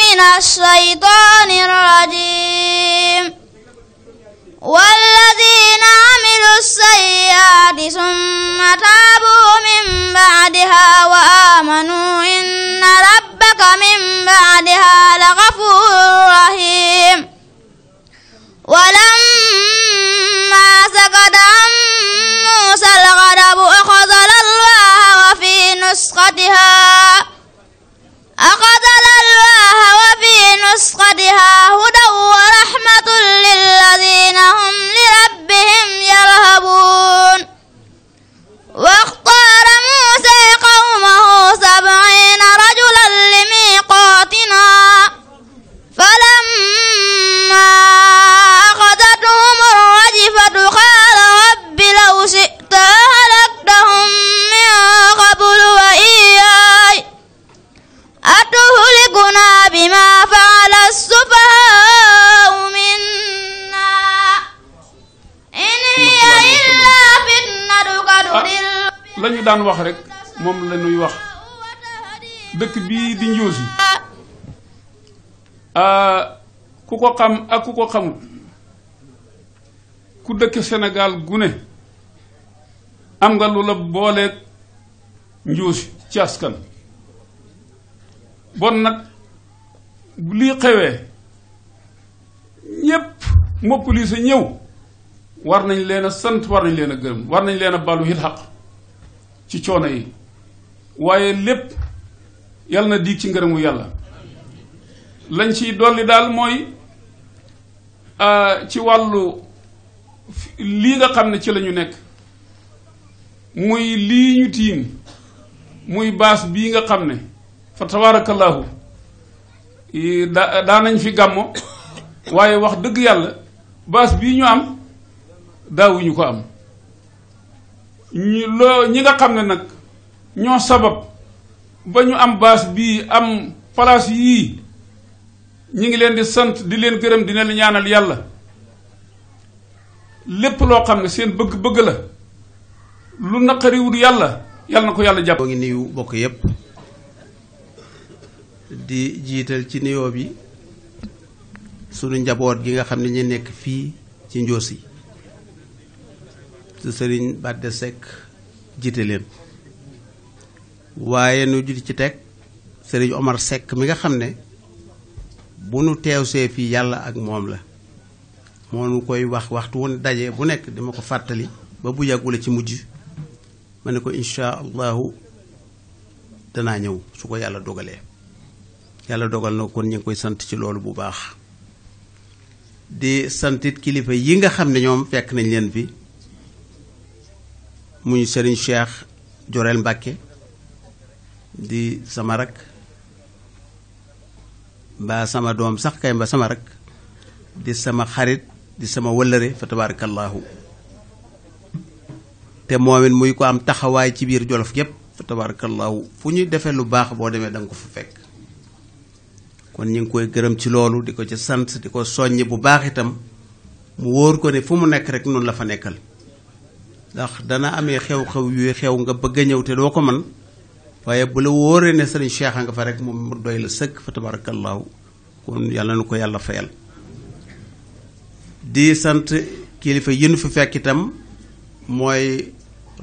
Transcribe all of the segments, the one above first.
من الشيطان الرجيم والذين عملوا السيئات ثم تابوا من بعدها وآمنوا إن ربك من بعدها لغفور رحيم ولما سكت عن موسى الغضب أخذ الألواح وفي نسختها أخذ الألواح مسقدها هدى ورحمة للذين هم لربهم يرهبون واختار موسى قومه سبعين رجلا لميقاتنا فلما أخذتهم الرجفة قال رب لو شئت أهلكتهم من قبل وإياي أتهلكنا بما la daan wax rek moom lañuy wax dëkk bii di Njóosi ah, ku ko xam ak ku ko xamul ku dëkk senegal gune am nga lu la booleeg Njóosi ci askan bon nag bu lii xewee ñépp mopp lii sa ñëw war nañ leen sant war nañ leen a gërëm war nañ leen a balu it ci coono yi waaye lépp yàlla na diig ci ngërëmu yàlla lañ ci dolli daal mooy ci wàllu lii nga xam ne ci lañu nekk muy lii ñu tiim muy baas bii nga xam ne fa tabaarakallaahu daanañ fi gàmmo waaye wax dëgg yàlla baas bii ñu am daawuñu ko am ñi loo ñi nga xam ne nag ñoo sabab ba ñu am baas bii am place yii ñi ngi leen di sant di leen gërëm dina la ñaanal yàlla lépp loo xam ne seen bëgg-bëgg la lu naqariwul yàlla yàlla na ko yàlla jàpp. moo ngi nuyu bokk yépp di jiital ci nuyoo bi sunu njaboot gi nga xam ne ñu nekk fii ci Ndiossi. sëriñ Badde Seck jiite leen waaye nu judi ci teg sëriñ Omar sekk mi nga xam ne bu nu teew see fii yàlla ak moom la moo nu koy wax waxtu woon daje bu nekk dama ko fàttali ba bu yàggule ci mujj ma ne ko insha allahu danaa ñëw su ko yàlla dogalee yàlla dogal na kon ñu ngi koy sant ci loolu bu baax di santit kilifa yi nga xam ne ñoom fekk nañ leen fi muy Serigne Cheikh Jorel mbakke di sama rak mbaa sama doom sax kay mba sama rak di sama xarit di sama wëllëre fa tabaarakallaahu te moom it muy ko am taxawaay ci biir jolof yépp fa tabaarakallaahu fu ñuy defee lu baax boo demee danga ko fu fekk kon ñu ngi koy gërëm ci loolu di ko ci sant di ko soññ bu baax itam mu wóor ko ne fu mu nekk rek noonu la fa nekkal ndax dana amee xew-xew yuy xew nga bëgg a ñëw te doo ko man waaye bu la wóoree ne sëriñ Cheikh nga fa rek moom doy la sëkk fa tabaarakallaahu kon yàlla na ko yàlla fayal di sant kilifa yi nu fi fekk itam mooy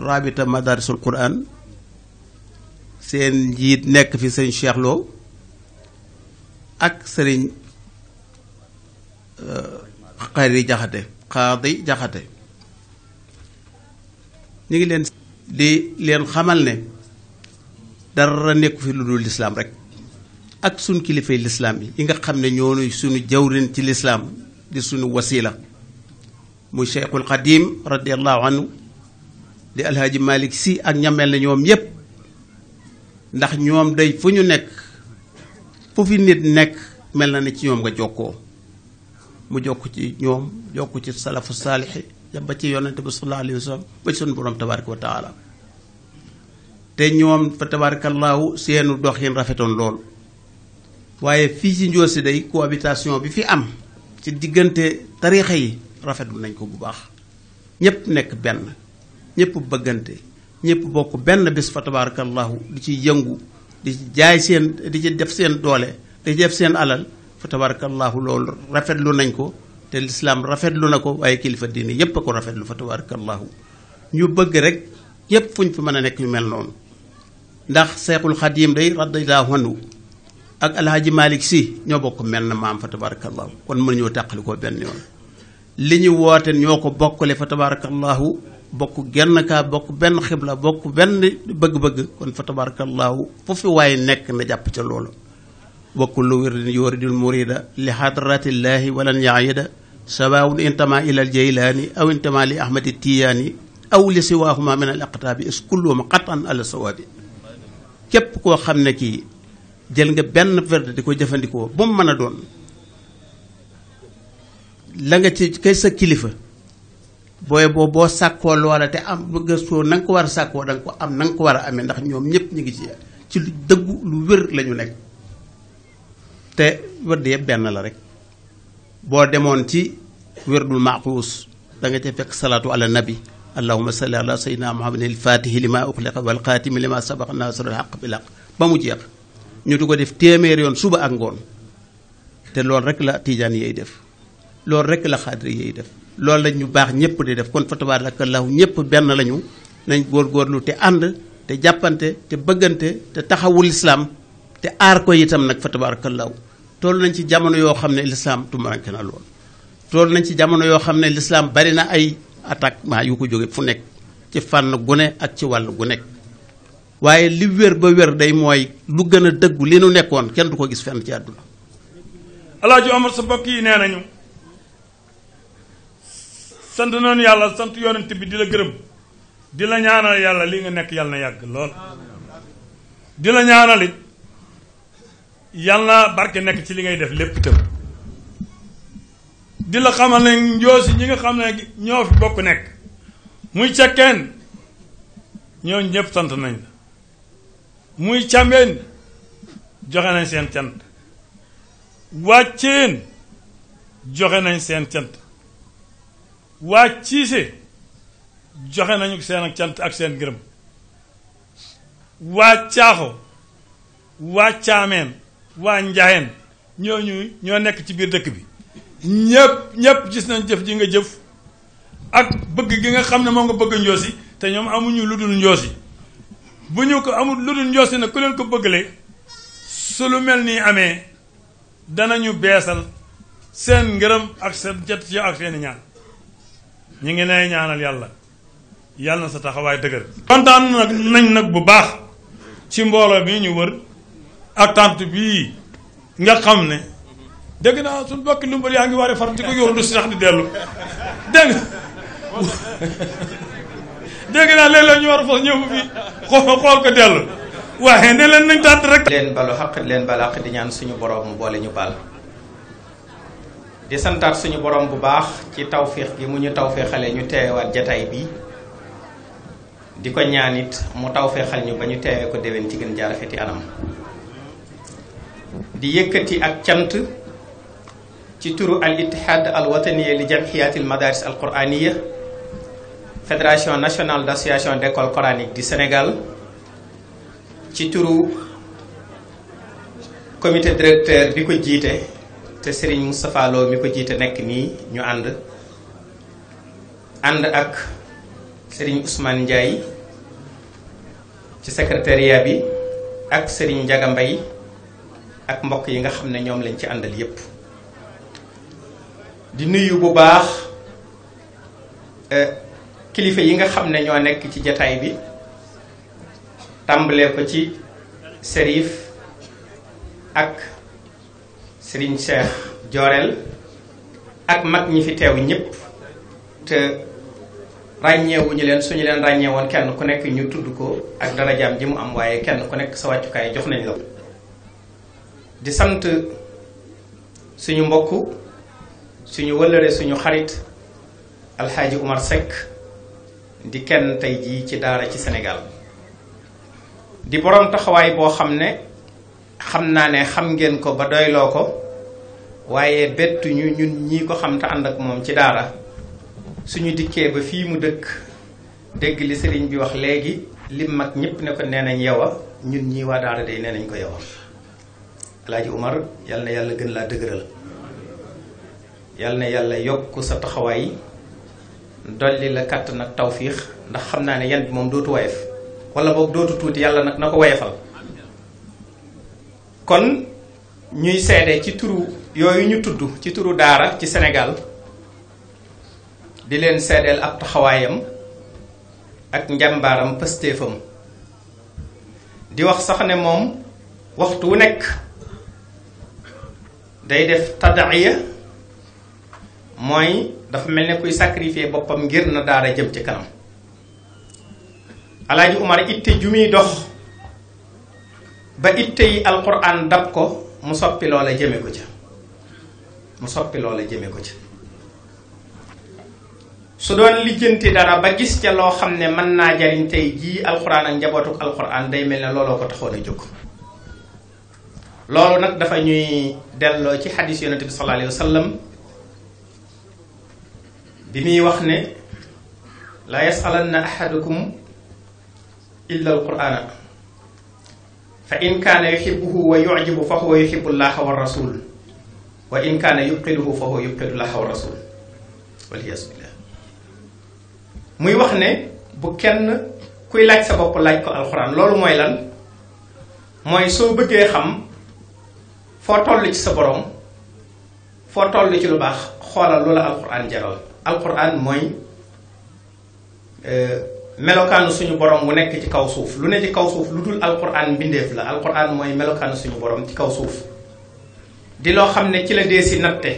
rabita madarisul quran seen njiit nekk fi sëriñ Cheikh Lo ak sëriñ xari euh, jaxate xaadi jaxate ñu ngi leen di leen xamal ne dara nekku fi lu dul lislaam rek ak suñ kilifay lislaam yi yi nga xam ne ñoonuy suñu jawrin ci lislaam di suñu wasila muy cheikhul xadim radiallahu anhu di alhaaji malik si ak ñamel ne ñoom yépp ndax ñoom day fu ñu nekk fu fi nit nekk mel na ne ci ñoom nga jokkoo mu jokk ci ñoom jokk ci salafu saalixi ba ci yonente bi sallallahu alayhi wa sallam ba ci sunu borom tabaraka wa te ñoom fa tabarakallahu seenu doxin rafetoon lool waaye fii si ci si day cohabitation bi fi am ci diggante tariixa yi rafetlu nañ ko bu baax ñëpp nekk benn ñëpp bëggante ñëpp bokk benn bés fa tabarakallahu di ci yëngu di ci jaay seen di ci def seen doole di ci def seen alal fa tabarakallahu loolu rafetlu nañ ko te lislaam rafetlu na ko waaye kilifa diine yépp a ko rafetlu fa tabarakallahu ñu bëgg rek yépp fuñ fi mën a nekk ñu mel noonu ndax seexul xadiim day radiyallahu ak alhaji malik si ñoo bokk mel na maam fa tabarakallahu kon mënuñoo tàqali koo benn yoon li ñu woote ñoo ko bokkale fa tabarakallahu bokk genn kaa bokk benn xibla bokk benn bëgg-bëgg kon fa tabarakallahu fu fi waaye nekk na jàpp ca loolu wa kullu wirdin yuridul murida li xadratillahi walan yaayida sawaawun intama ila al jaylaani aw intama li ahmadi tiyaani aw li siwaahuma min al aqtaabi is kulluhum qatan ala sawaabi képp koo xam ne kii jël nga benn werd di ko jëfandikoo ba mu mën a doon la nga ci kay sa kilifa booy boo boo sàkkoo loola te am gëstoo na nga ko war a sàkkoo da ko am na nga ko war a amee ndax ñoom ñëpp ñu ngi ci ci lu dëggu lu wér la nekk te wërd yëpp benn la rek boo demoon ci wërdul maquus da nga ca fekk salaatu ala nabi allahuma salli ala sayyidina muhammadin alfaatihi li ma uxliqa wal xaatimi li ma sabaqa naasirul xaq bi xaq ba mu jeex ñu du ko def téeméer yoon suba ak ngoon te loolu rek la tiijaan yey def loolu rek la xaadir yey def loolu la ñu baax ñëpp di def kon fa tabaarakallaahu ñëpp benn lañu nañ góorgóorlu te ànd te jàppante te bëggante te taxawul islaam te aar nag fa tabaarakallaahu toll nañ ci jamono yoo xam ne lislaam tumuranke na lool tool nañ ci jamono yoo xam ne lislaam bari na ay attaquement yu ko jóge fu nekk ci fànn gu ne ak ci wàll gu nekk waaye li wér ba wér day mooy lu gën a dëggu li nu nekkoon kenn du ko gis fenn ci àdduna alaaji Omar sa mbokk yi nee nañu sant noonu yàlla sant yonent bi di la gërëm di la ñaanal yàlla li nga nekk yàlla na yàgg lool di la ñaanal yàlla barke nekk ci li ngay def lépp itam di la xamal ne njoosi ñi nga xam ne ñoo fi bokk nekk muy cekkeen ñoo ñëpp sant nañ muy càmbeen joxe nañ seen cant wàcceen nañ seen cant waa ciise joxe nañu seen cant ak seen gërëm waa caaxo waa caameen waa Njaayeen ñooñu ñoo nekk ci biir dëkk bi ñëpp ñëpp gis nañ jëf ji nga jëf ak bëgg gi nga xam ne moo nga bëgg njoosi te ñoom amuñu lu dul njoosi bu ñu ko amul lu dul njoosi nag ku leen ko bëggalee su lu mel nii amee danañu beesal seen ngërëm ak seen jot ci ak seen ñaan ñu ngi nee ñaanal yàlla yàlla na sa taxawaay dëgër kontaan nag nañ nag bu baax ci mbooloo bi ñu wër attente bii nga xam ne dëgg naa suñu bokki lumbal yaa ngi war a far di ko yóoru si sax di dellu dégg dégg naa léeg-léeg ñu war a fas ñëw fi xool xool ko dellu waaye ne leen tànt rek leen balu xaq leen balaq di ñaan suñu borom boole ñu baal di santaat suñu boroom bu baax ci tawféex gi mu ñu tawféexale ñu teewaat jataay bi di ko ñaan it mu tawféexal ñu ba ñu teewee ko déwén ci gën jaarafeti anam di yëkkati ak cant ci turu al ittihaad al wataniya li jamhiyatil madaris al quraniya fédération nationale d'association d'école coranique di Sénégal ci turu comité directeur bi ko jiite te seriñ Moustapha Lo mi ko jiite nekk nii ñu ànd ànd ak Serigne Ousmane Ndiaye ci secrétariat bi ak Serigne Ndiaga Mbaye ak mbokk yi nga xam ne ñoom lañ ci àndal yépp di nuyu bu baax eh, kilifa yi nga xam ne ñoo nekk ci jataay bi tàmbalee ko ci Serif ak seriñ Cheikh Jorel ak mag ñi fi teew ñëpp te ràññeewuñu leen suñu leen ràññeewoon kenn ku nekk ñu tudd ko ak darajaam ji mu am waaye kenn ku nekk sa wàccukaay jox nañ la di sant suñu mbokk suñu wëllëre suñu xarit alxaaji Umar Seck di kenn tey jii ci daara ci senegal di borom taxawaay boo xam ne xam naa ne xam ngeen ko ba doyloo ko waaye bettuñu ñun ñii ko xam te ànd ak moom ci daara suñu dikkee ba fii mu dëkk dégg li sëriñ bi wax léegi lim mag ñépp ne ko nee nañ yow a ñun ñii waa daara dey nee nañ ko yow alaaji Umar yàlla gën laa dëgëral yal na yàlla yokk sa taxawaay dolli la kàtt nag tawfiix ndax xam naa ne yan bi moom dootu wayef wala boog dootu tuuti yàlla nag na ko wayefal kon ñuy seede ci turu yooyu ñu tudd ci turu daara ci Sénégal di leen seedeel ab taxawaayam ak njàmbaaram pëstéefam di wax sax ne moom waxtu wu nekk day def tadaiya mooy dafa mel ne kuy sacrifier boppam ngir na daara jëm ci kanam alaaji umar itte ju muy dox ba itte yi alquran dab ko mu soppi loola jëme ko ca mu soppi loola jëme ko ca su doon lijjanti dara ba gis ca loo xam ne mën naa jariñ tey jii alquran ak njabootuk alquran day mel na looloo ko taxoon a jóg loolu nag dafa ñuy delloo ci xadis yonente bi sallallahu bi muy wax ne la yasalanna ahadukum illa al qur'ana fa in kaana yuxibuhu wa yujibu fa huwa yuxibu llaha wa wa in kaana yubqiduhu fa huwa muy wax ne bu kenn kuy laaj sa bopp laaj ko alxuraan loolu mooy lan mooy soo bëggee xam foo toll ci sa borom foo toll ci lu baax xoolal loola alquran jaral alquran mooy euh, melokaanu suñu borom wu nekk ci kaw suuf lu ne ci kaw suuf lu dul alquran mbindeef la alquran mooy melokaanu suñu borom ci kaw suuf di loo xam ne ci la dee si natte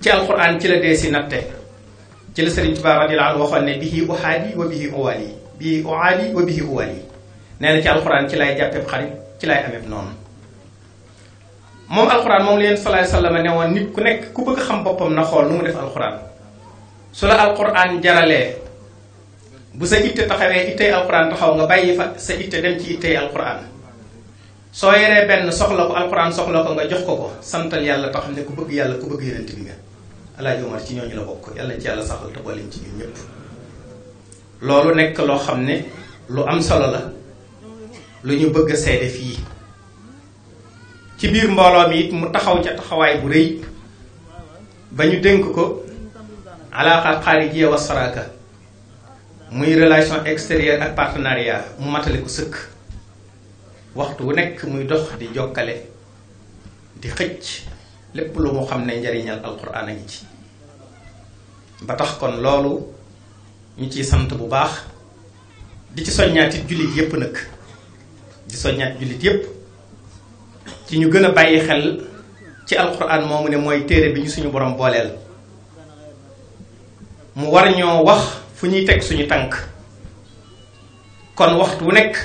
ci alquran ci la dee si natte ci la Sëriñ Tuubaa radiyallaahu anhu waxoon ne bihi uhaadi wa bihi uwaali bihi uhaadi wa bihi uwaali nee na ci alquran ci lay jàppeeb xarit ci lay ameeb noonu moom alxuraan moom la yéen salaay sallama ne woon nit ku nekk ku xam boppam na mu def alxuraan su la alxuraan jaralee bu sa itte taxawee ittey alxuraan taxaw nga bàyyi fa sa ci ittey alxuraan soo yoree benn soxla ko soxla nga jox ko ko santal yàlla te xam ne bëgg yàlla ku bëgg yonent bi nga alaaji Omar ci ñooñu la bokk yàlla ci yàlla saxal ci ñun ñëpp loolu nekk loo xam ne lu am solo la lu ñu bëgg a seede fii ci biir mbooloo mi it mu taxaw ca taxawaay bu rëy ba ñu dénk ko alaqa xaarijiya wa saraka muy relation extérieure ak partenariat mu matale ko sëkk waxtu wu nekk muy dox di jokkale di xëcc lépp lu mu xam ne njariñal alquran a ci ba tax kon loolu ñu ciy sant bu baax di ci soññaatit jullit yépp nag di soññaat jullit yépp ci ñu gën a bàyyi xel ci alquran moomu ne mooy téere bi ñu suñu boroom booleel mu war ñoo wax fu ñuy teg suñu tànk kon waxtu wu nekk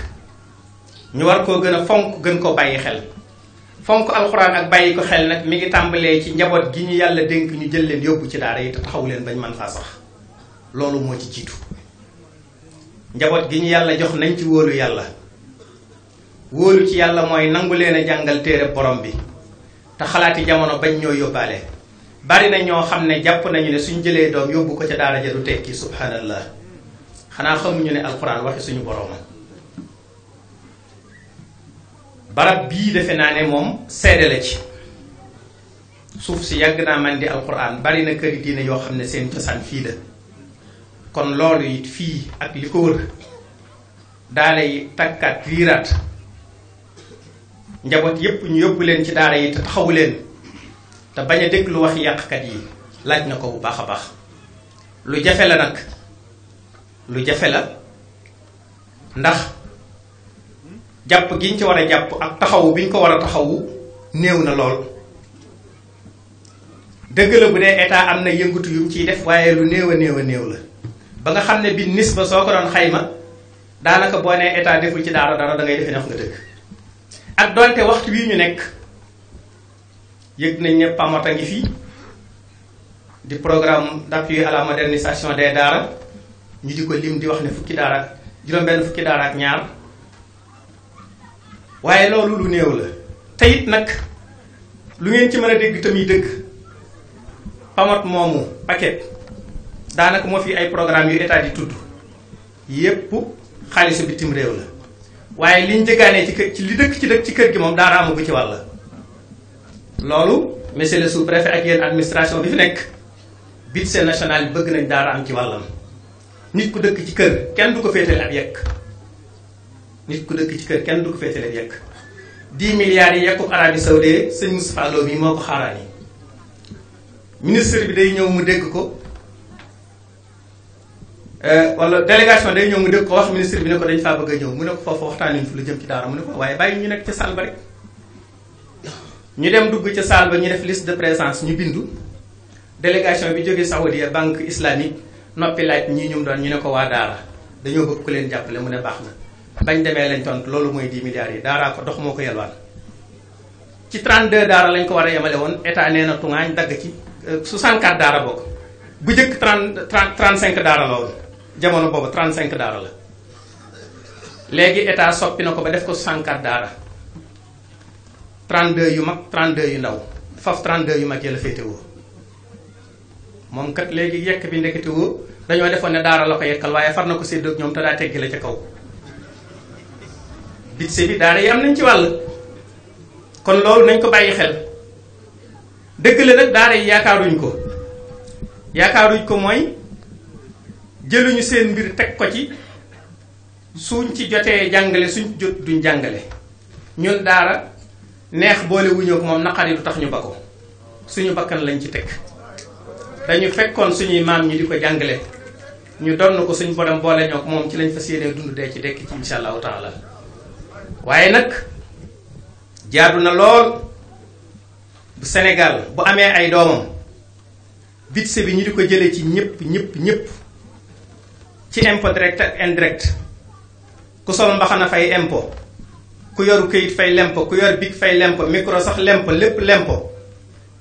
ñu war koo gën a fonk gën koo bàyyi xel fonk alxuraan ak bàyyi ko xel nag mi ngi tàmbalee ci njaboot gi ñu yàlla dénk ñu jël leen yóbbu ci daara yi te taxaw leen bañ man faa sax loolu moo ci ciitu njaboot gi ñu yàlla jox nañ ci wóolu yàlla wóolu ci yàlla mooy nangu leen a jàngal téere borom bi te xalaati jamono bañ ñoo yóbbaale bari na ñoo xam ne jàpp nañu ne suñ jëlee doom yóbbu ko ca daara ja du tekki subhanallah xanaa xamuñu ne alxuraan waxi suñu borooma barab bii defe naa ne moom seede la ci suuf si yàgg naa man di alxuraan bari na këri diine yoo xam ne seen cosaan fii la kon loolu it fii ak li ko wër daala takkaat riiraat njaboot yépp ñu yóbbu leen ci daara yi te taxawu leen te bañ a déglu waxi yàqkat yi laaj na ko bu baax a baax lu jafe la nag lu jafe la ndax jàpp gi ñu ci war a jàpp ak taxawu bi ñu ko war a taxawu néew na lool dëgg la bu dee état am na yëngatu ciy def waaye lu néew a néew a néew la ba nga xam ne bi nis ba soo ko doon xayma daanaka boo nee état deful ci daara dara da ngay defe ne wax nga dëgg ak donte waxtu wi ñu nekk yëg nañ ne PAMOT a ngi fii di programme d'appui à la modernisation des daara ñu di ko lim di wax ne fukki daara ak juróom-benn fukki daara ak ñaar waaye loolu lu néew la te nag lu ngeen ci mën a dégg tamit dëgg PAMOT moomu paquet daanaka moo fi ay programme yu état di tudd yépp xaalisu bitim réew la waaye liñ jëgaanee ci kër ci li dëkk ci dëkk ci kër gi moom daara amagu ci wàll loolu monsieur le sous-préfet ak yéen administration bi fi nekk budget national bi bëgg nañ daara am ci wàllam nit ku dëkk ci kër kenn du ko féetale ab yekk nit ku dëkk ci kër kenn du ko féetale ab yekk 10 milliards yi yekkub Arabie Saoudite sëñ Moustapha Lo mi moo ko xaaraan yi ministre bi day ñëw mu dégg ko Euh, wala délégation day ñëw mu dëkk ko wax ministre bi ne ko dañ faa bëgg a ñëw mu ne ko foofu waxtaanuñ fi lu jëm ci daara mu ne ko waaye bàyyi ñu nekk ca salle ba rek ñu dem dugg ca salle ba ñu def liste de présence ñu bindu délégation bi jógee Saoudia banque islamique noppi laaj ñii ñum doon ñu ne ko waa daara dañoo bëgg ku leen jàppale mu ne baax na bañ demee lañ tontu loolu mooy 10 milliards yi daaraa ko dox moo ko yelwaan ci 32 daara lañ ko war a woon état nee na tungaañ dagg ci 64 euh, daara bokk bu jëkk 30 35 daara la woon jamono boobu 35 daara la léegi état soppi na ko ba def ko 64 daara 32 yu mag 32 yu ndaw faf 32 yu mag yi la féetewoo moom kat léegi yekk bi ndekketewoo dañoo defoon ne daara la ko yekkal waaye far na ko séddoo ak ñoom te daa teggi la ca kaw bitse bi daara yi am nañ ci wàll kon loolu nañ ko bàyyi xel dëgg la nag daara yi yaakaaruñ ko yaakaaruñ ko mooy jëluñu seen mbir teg ko ci suñ ci jotee jàngale suñ jot duñ jàngale ñun daara neex boole wuñu ak moom naqari du tax ñu ba ko suñu bakkan lañ ci teg dañu fekkoon suñuy maam ñi di ko jàngale ñu donn ko suñ borom boole moom ci lañ fas yéenee dund dee ci dekk ci insha allahu taala waaye nag jaadu na lool bu Sénégal bu amee ay doomam bitse bi ñu di ko jëlee ci ñëpp ñëpp ñëpp ci impôt direct ak indirect ku sol mbaxana fay impôt ku yoru këyit fay lempo ku yor big fay lempo micro sax lempo lépp lempo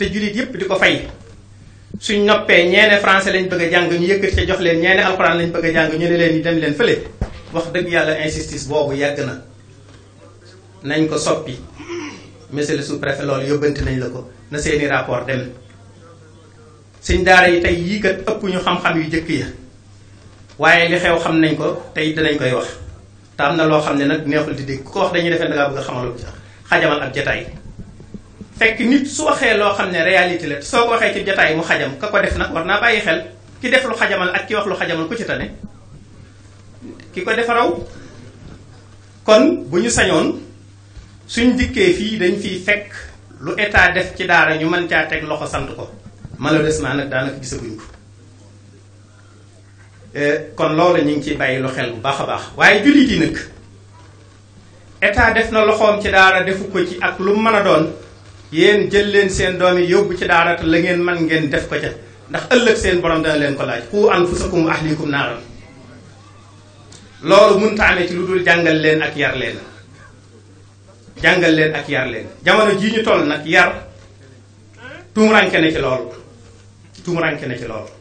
te jullit yépp di ko fay suñ noppee ñeene français lañ bëgg a jàng ñu yëkkati ca jox leen ñeene alxuraan lañ bëgg a ñu ne leen ñu dem leen fële wax dëgg yàlla insistance boobu yàgg na nañ ko soppi monsieur le sous-préfet loolu yóbbante nañ la ko na seeni rapport dem suñ daara yi tey yii ëpp ñu xam-xam yu jëkk ya waaye li xew xam nañ ko tey danañ koy wax te am na loo xam ne nag neexul di dégg ku ko wax dañuy defee da ngaa bëgg a xamal ci xajamal ab jataay fekk nit su waxee loo xam ne réalité la soo ko waxee ci jataay mu xajam ka ko def nag war naa bàyyi xel ki def lu xajamal ak ki wax lu xajamal ku ci tane ki ko defaraw kon bu ñu sañoon suñ dikkee fii dañ fiy fekk lu état def ci daara ñu mën caa teg loxo sant ko man des malheureusement nag daanaka gisaguñ ko Euh, kon loolu ñu ngi ciy bàyyi lu xel bu baax a baax waaye jullit yi nag état def na loxoom ci daara defu ko ci ak lu mën a doon yéen jël leen seen doom yi yóbbu ci daara te la ngeen man ngeen def ko ca ndax ëllëg seen borom dana leen ko laaj qu anfusakum wa ahlikum naaran loolu mënut a amee ci lu dul jàngal leen ak yar leen jàngal leen ak yar leen jamono jii ñu toll nag yar tuumuranke na ci loolu tuumuranke na ci loolu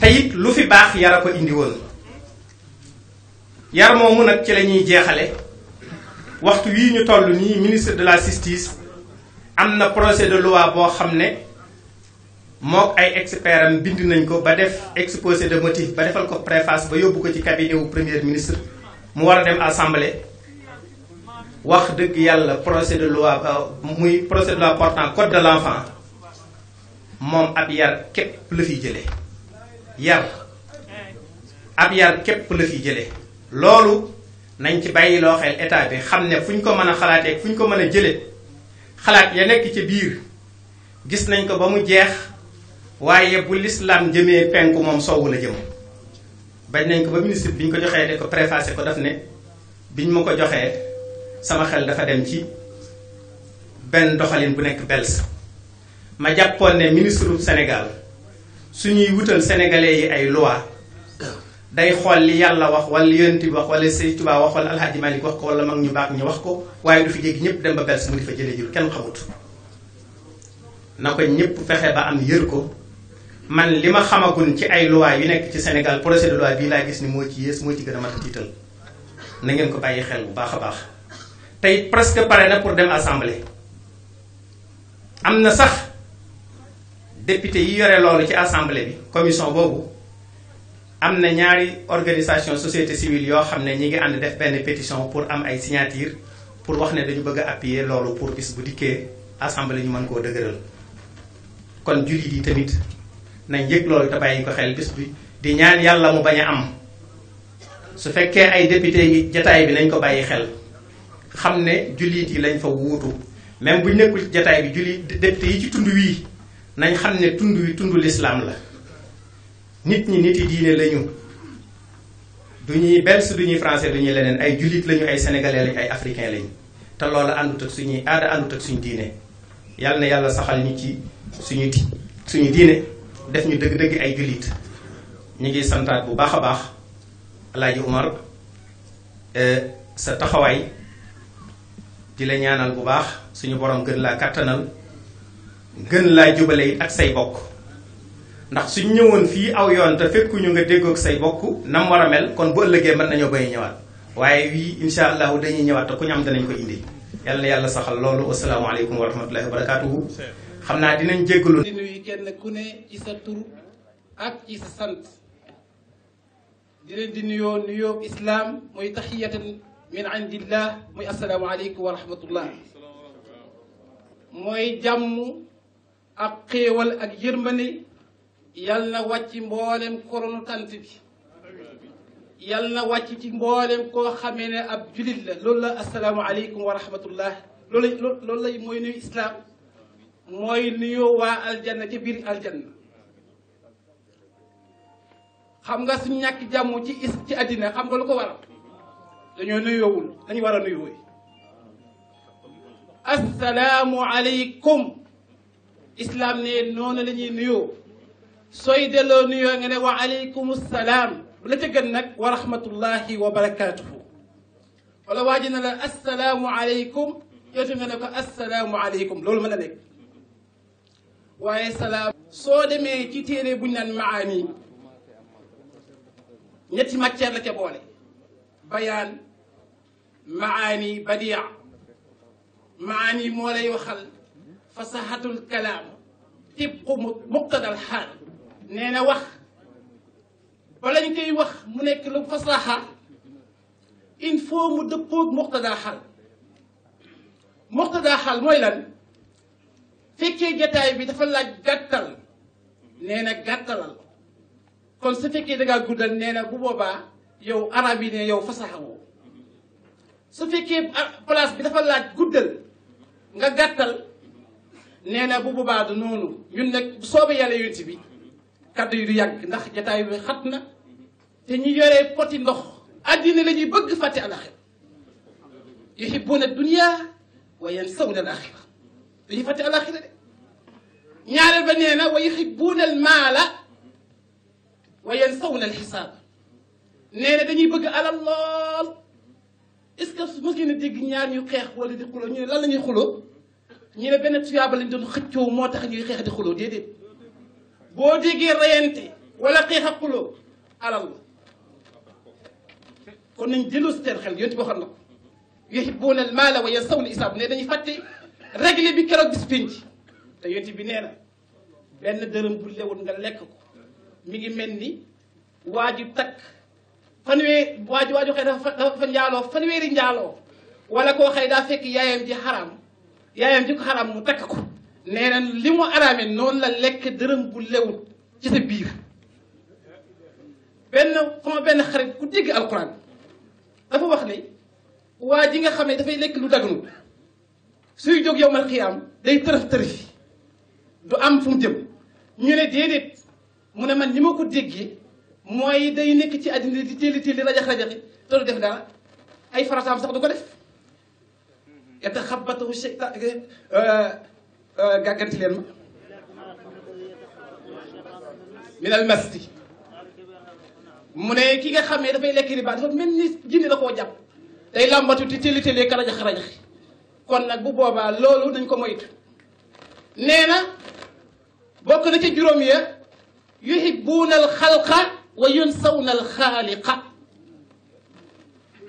te lu fi baax yara ko indi woon yar moomu nag ci la ñuy jeexale waxtu wii ñu toll nii ministre de la justice am na projet de loi boo xam ne mook ay experts am bind nañ ko ba def exposé de motif ba defal ko préface ba yóbbu ko ci cabinet wu premier ministre mu war a dem assemblée wax dëgg yàlla projet de loi euh, muy projet de loi portant code de l'enfant moom ab yar képp la fiy jëlee. yar ab yar képp la fi jële loolu nañ ci bàyyi loo xel état bi xam ne fu ñu ko mën a xalaatee fu ñu ko mën a jële xalaat ya nekk ci biir gis nañ ko ba mu jeex waaye bu lislaam jëmee penku moom sowwu la jëm bañ nañ ko ba ministre bi ñu ko joxee de ko préfacé ko daf ne biñ ma ko joxee sama xel dafa dem ci benn doxalin bu nekk bels ma jàppoon ne ministre du Sénégal su ñuy wutal sénégalais yi ay loi day xool li yàlla wax wala yonent bi wax wala Sëriñ Tuubaa wax wala Alxaaji Malik wax ko wala mag ñu baax ñu wax ko waaye du fi jéggi ñëpp dem ba bel su mu di fa jële jur kenn xamut na ko ñëpp fexe ba am yër ko man li ma xamagun ci ay luwaa yu nekk ci Sénégal projet de loi bii laa gis ni moo ci yées moo ci gën a mat a tiital na ngeen ko bàyyi xel bu baax a baax tey presque pare na pour dem assemblée am na sax député yi yore loolu ci assemblée bi commission boobu am na ñaari organisation société civile yoo xam ne ñi ngi ànd def benn pétition pour am ay signature pour wax ne dañu bëgg a appuyer loolu pour bis bu dikkee assemblée ñu mën koo dëgëral kon jullit yi tamit nañ yëg loolu te bàyyi ko xel bis bi di ñaan yàlla mu bañ a am su fekkee ay député yi jataay bi nañ ko bàyyi xel xam ne jullit yi lañ fa wuutu même buñ nekkul jataay bi jullit député yi ci tund nañ xam ne tund wi tund lislaam la nit ñi nit yi diine lañu du ñuy bels du ñuy français du ñuy leneen ay jullit lañu ay sénégalais lañu ay africain lañu te loolu àndut ak suñuy aada àndut ak suñu diine yàlla na yàlla saxal ñu ci suñu di suñu diine def ñu dëgg-dëgg ay jullit ñu ngi santaat bu baax a baax Alaaji Umar euh, sa taxawaay di la ñaanal bu baax suñu borom gën laa kàttanal gën laa jubale it ak say bokk ndax suñ ñëwoon fii aw yoon te fekkuñu nga déggoog say bokk nam war a mel kon bu ëllëgee mën nañoo bañ ñëwaat waaye wii insha allahu dañuy ñëwaat te ku ñu am ko indi yàlla yàlla saxal loolu wasalaamaaleykum wa rahmatullahi wa barakaatuhu xam naa dinañ jéggalu di nuyu kenn ku ne ci sa tur ak di nuyoo nuyoo islaam muy taxiyatan min indillah asalaamaaleykum wa rahmatullah mooy jàmm ak xéewal ak yërmande yal na wàcc mboolem koronu tant yal na wàcc ci mboolem koo xamee ne ab julit la loolu la asalaamualeykum wa rahmatullah loolu lay mooy nuyu islaam mooy nuyoo waa aljanna ca biir aljanna xam nga suñ ñàkk jàmm ci is ci àddina xam nga lu ko waral dañoo nuyoowul dañu war a nuyooy asalaamualeykum islam ne noonu la ñuy nuyoo sooy delloo nuyoo nga ne wa aleykum salaam la ca gën nag wa rahmatullahi wa barakaatuhu wala waa ji ne la assalaamu aleykum nga ne ko assalaamu aleykum loolu mën a nekk waaye salaam soo demee ci téere buñ naan maani ñetti matière la ca bayaan maani badia maani moo lay waxal fasahatul kalaamu tibqu muqtadal xaal nee na wax bala ñu koy wax mu nekk lu fasaha il faut mu dëppoog muqtadal xaal muqtadal xaal mooy lan fekkee jataay bi dafa laaj gàttal nee na gàttalal kon su fekkee da ngaa guddal nee na bu boobaa yow arab yi ne yow fasaha woo su fekkee bi dafa laaj guddal nga gàttal nee na bu boobaa du noonu ñun nag soobee yàlla yonent bi kaddu yi du yàgg ndax jataay bi xat na te ñu yoree poti ndox àddina la ñuy bëgg fàtte alaxira yuhibbuna dunya wa yansawna alaxira dañuy fàtte alaxira de ñaareel ba nee na wa yuhibbuna almaala wa yansawna alxisaab nee na dañuy bëgg alal lool est-ce que su ma gën ñaar ñu xeex wala di xuloo ñu ne lan la ñi ne benn tuyaaba lañ doon xëccoo moo tax ñuy xeex di xuloo déedéet boo déggee reyante wala xeex a xuloo alal la kon nañ delloo si xel yonent bi waxoon na ko yuhibbuuna al maala wa yansawna isaab dañuy fàtte réglé bi keroog te yonent bi nee na benn dërëm bu lewut nga lekk ko mi ngi mel ni waa ju takk fanweer waa ju waa ju xëy dafa fa njaaloo fanweeri njaaloo wala koo xëy daa fekk yaayam ji xaraam yaayam ji xaram mu takk ko nee na li mu araame noon la lekk dërëm bu lewut ci sa biir benn sama benn xarit ku dégg alxuraan dafa wax ni waa ji nga xam ne dafay lekk lu daganut suy jóg yow mal am day tërëf tërëfi du am fu jëm ñu ne déedéet mu ne man ni ma ko déggee mooy day nekk ci àddina di téeli téeli rajax rajaxi te du def dara ay farataam sax du ko def yataxabatahu seytaan eh, eh, eh, gàgganti ma minal masti mu ne kii nga xamee dafay lekk riba dafa mel ni jinne da koo jàpp day làmbatu ti tëli tëlee karajax rajax kon nag bu boobaa loolu dañ ko moytu nee na bokk na ci juróom ya yuhibbuuna al xalqa wa yunsawna al xaaliqa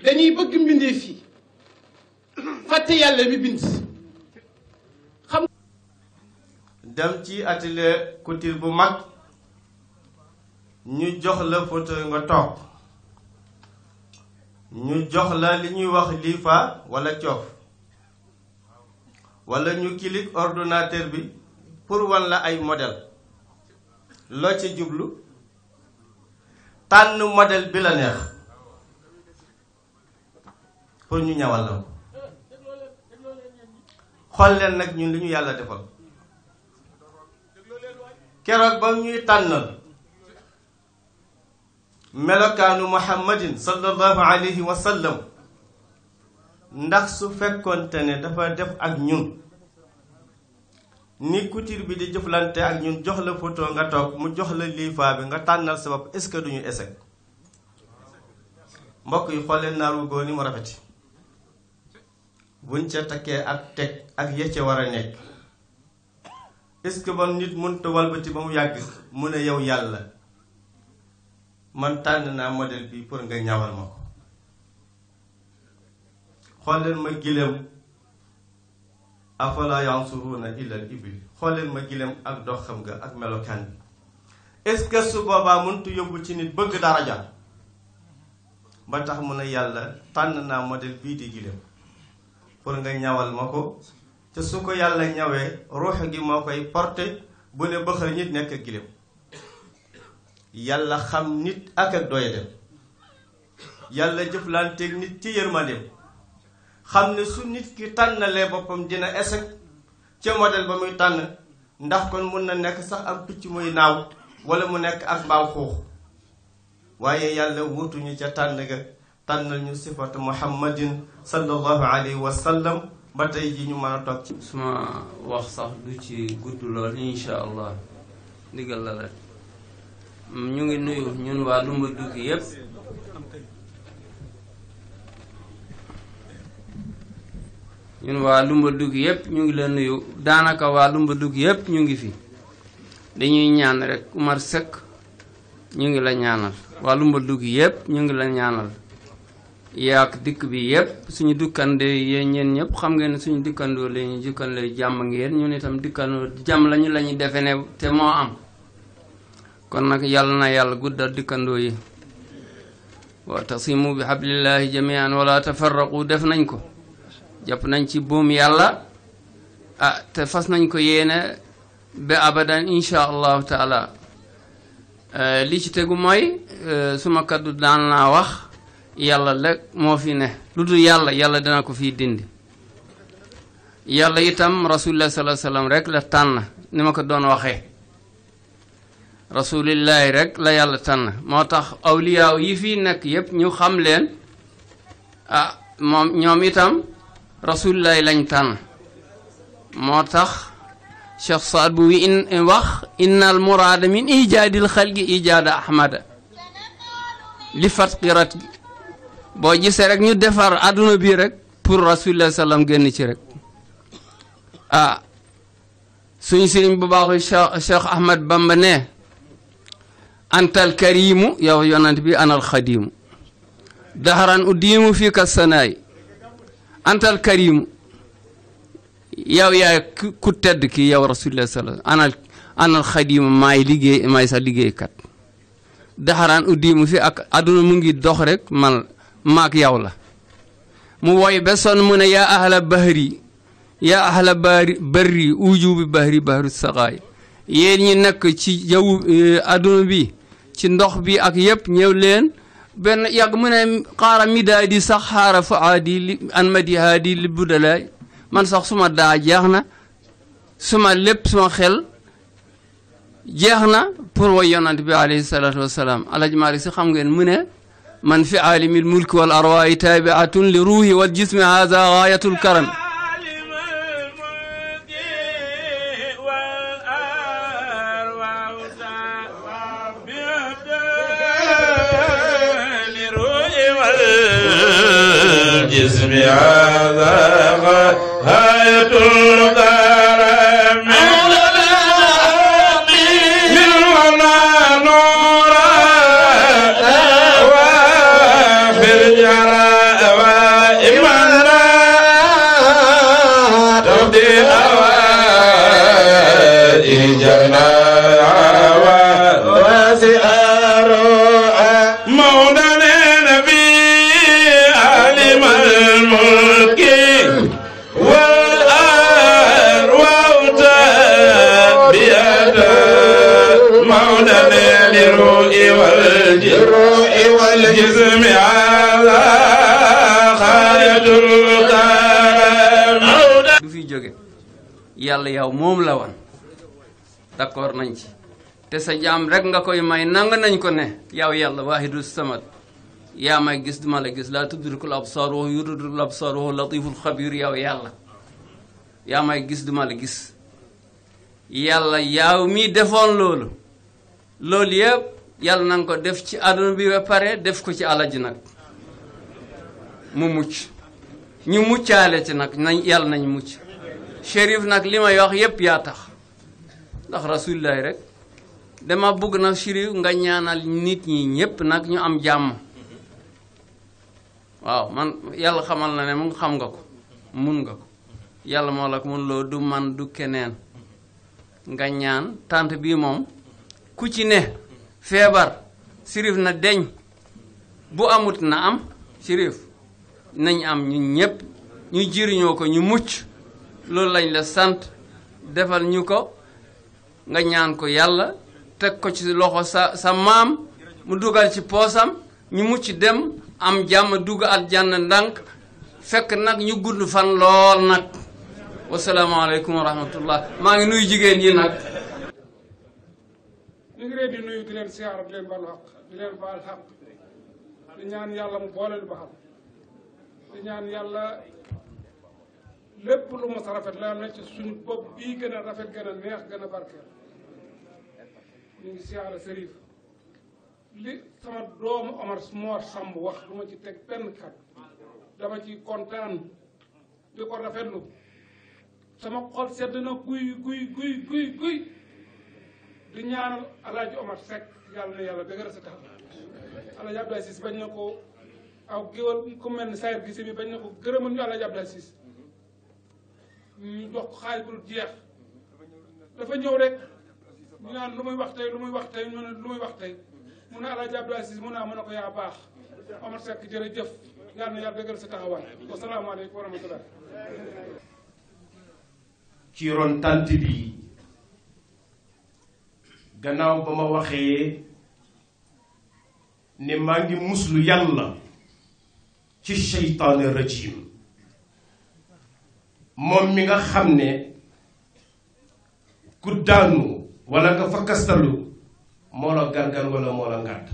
dañuy bëgg mbindeef fii fàtte yàlla mi bind xam dem ci atelier couture bu mag ñu jox la fauteuil nga toog ñu jox la li ñuy wax liifa walla coof walla ñu kilik ordinateur bi pour wan la ay model loo ci jublu tànn model bi la neex pour ñu ñawal la xool leen nag ñun li ñu yàlla defal keroog ba ñuy tànnal melokaanu muhammadin sallallahu alayhi wa sallam ndax su fekkoonte ne dafa def ak ñun ni couture bi di jëflante ak ñun jox la photo nga toog mu jox la liifa bi nga tànnal sa bopp est-ce que duñu échec mbokk yu xooleen naar wu góor ni mu rafeti bu buñ ca takkee ak teg ak yecce war a nekk est-ce que bon nit mënta walbati ba mu yàgg mu a yow yàlla man tànn naa modèle bi pour nga ñawal ma ko xool leen ma gileem afala yansuruna illa al leen ma gileem ak doxam nga ak melokaan bi est-ce que su boobaa mëntu yóbbu ci nit bëgg daraja ba tax mu ne yàlla tànn naa modèle bii di gileem pour nga ñawal ma ko te su ko yàlla ñawee ruux gi moo koy porté bu ne bëxal nit nekk giléem yàlla xam nit ak ak doy dem yàlla jëflanteeg nit ci yërmandeem xam ne su nit ki tànnalee boppam dina échec ca modèle ba muy tànn ndax kon mun na nekk sax ak picc muy naaw wala mu nekk ak mbaaw xuux waaye yàlla wutuñu ca tànn ga tànnal ñu sifatu muhammadin sallallahu alayhi wa sallam ba tey ji ñu mën a toog ci suma wax sax du ci gudd lool insha allah la rek ñu ngi nuyu ñun waa lu dugg yépp yëpp ñu ngi la nuyu daanaka waa Lumba Dugg yëpp ñu ngi fi dañuy ñaan rek Umar Seck ñu ngi la ñaanal waa Lumba Dugg yëpp ñu ngi la ñaanal yaak dikk bi yépp suñu dukkande yéen ñeen xam ngeen ne suñu dukkandoo la ñu jàmm ngeen ñu ne itam dukkandoo jàmm lañu lañuy ñu defe ne te moo am kon nag yàlla na yàlla guddal dikkandoo yi watasimu bi hablillahi jamian wala tafarraqu def nañ ko jàpp nañ ci buum yàlla ah te fas nañ ko yéene ba abadan insha allahu taala eh, li ci tegu moy eh, suma kàddu daan naa wax yàlla la moo fi ne lu dul yàlla yàlla dina ko fiy dindi yàlla itam rasulillah sallallahu alayhi rek la tànn ni ma ko doon waxee rasulillahi rek la yàlla tànn moo tax awliyaaw yi fii nekk yépp ñu xam leen ah moom ñoom itam rasulillahi lañ tànn moo tax cheikh saad bu wi in wax innal muraada min ijaadil xalqi ijaada ahmada li fat qirat boo gisee rek ñu defar àdduna bii rek pour rasulullah sallam génn ci rek ah suñ sëriñ bu baaxu cheikh cheikh ahmad bamba ne antal karimu yow bi anal xadimu antal karimu yow yaay ku tedd ki yow rasulullah sallam anal anal xadimu maay liggéey may sa liggéeykat daxaraan uddiimu fi ak àdduna mu ngi rek man maak yow la mu woy be son mu ne yaa ahla bahri yaa ahla bahri ujubi bahri bahru saxaay yéen ñi nekk ci jaw eh, adduna bi ci ndox bi ak yëpp ñëw leen benn yàgg mu mi daay di sax xaara fa an madi haadi li budalaay man sax suma daa jeex na suma lépp suma xel jeex na pour way yonant bi alayhi salaatu wasalaam alaj si xam ngeen mu man fi aalimil mulki wal arwaayi taabiatun li ruuhi wal jismi haza gaayatul karam du fi jóge yàlla yow moom la woon d'accord nañ ci te sa jaam rek nga koy may nang nañ ko ne yow yàlla waahidu samad yaa may gis duma la gis laa tudrikul absaar wa yudrikul absaar wa latiful xabiir yow yàlla yaa may gis duma la gis yàlla yaaw mi defoon loolu loolu yëpp yàlla na nga ko def ci àdduna bi ba pare def ko ci alaji nag mu mucc ñu muccaale ci nag nañ yàlla nañ mucc shérif nag li may wax yépp yaa tax ndax rasulilahi rek dama bugg na shérif nga ñaanal nit ñi ñépp nag ñu am jàmm waaw man yàlla xamal na ne mu xam nga ko mun nga ko yàlla moo la ko mun loo du man du keneen nga ñaan tànt bii moom ku ci ne feebar sirif na deñ bu amut na am sirif nañ am ñun ñépp ñu jëriñoo ko ñu mucc loolu lañ la sant defal ñu ko nga ñaan ko yàlla teg ko ci loxo sa sa maam mu dugal ci poosam ñu mucc dem am jàmm dugg jànn ndànk fekk nag ñu gudd fan lool nag wasalaamaaleykum wa rahmatullah maa ngi nuyu jigéen yi nag ñu ngi leen di nuyu di leen siyaara di leen baal xaq di leen baal xaq di ñaan yàlla mu boole lu baxal di ñaan yàlla lépp lu mas a rafet la na ci suñu bopp rafet gën a neex gën a barkeel ñu ngi siyaara sërif li sama doomu Omar Mor Samb wax du ma ci teg benn kat dama ci kontaan di ko rafetlu sama xol sedd na guy guy guy guy di ñaan alaaji Omar Seck yàlla na yàlla dëgëral sa taxaw alaaji na ko aw géwal ku mel ni sayar gise bi bañ ko gërëmal ñu alaaji Abdoulaye Ciss ñu dox dafa ñëw rek ñu naan wax tey lu muy wax tey ñu lu muy wax tey mu ne alaaji Abdoulaye Ciss mu ne ah, na ko yaa baax Omar Seck jërëjëf yàlla na yàlla dëgëral sa taxawaay wasalaamaaleykum gannaaw ba ma waxee ne maa ngi muslu yàlla ci seytaane rajim moom mi nga xam ne ku daanu wala nga fakkastalu moo la gargal wala moo la ngàdd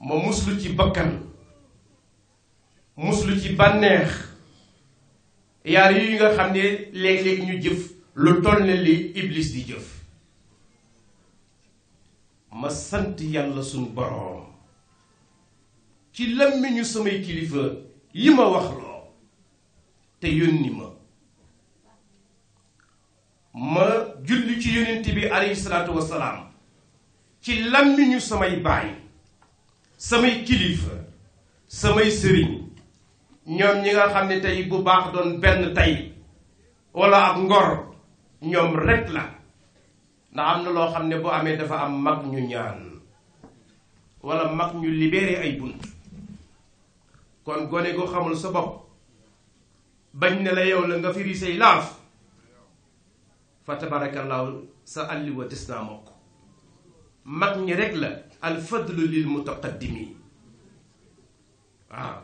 ma muslu ci bakkan muslu ci bànneex yaar yi nga xam ne léeg-léeg ñu jëf lu toll ne li iblis di jëf ma sant yàlla suñu boroom ci làmmiñu samay kilifa yi ma wax loo te yónni ma ma julli ci yonent bi alayhi salaatu wasalaam ci làmmiñu samay baay samay kilifa samay sëriñ ñoom ñi nga xam ne tey bu baax doon benn tey walla ak ngor ñoom rekk la ndax am na loo xam ne bu amee dafa am mag ñu ñaan wala mag ñu libéré ay bunt kon gone gu xamul sa bopp bañ ne la yow la nga firi say laaf fa sa àlliwa des naa mokk mag ñi rek la al fadlu lil mutaqaddimi waaw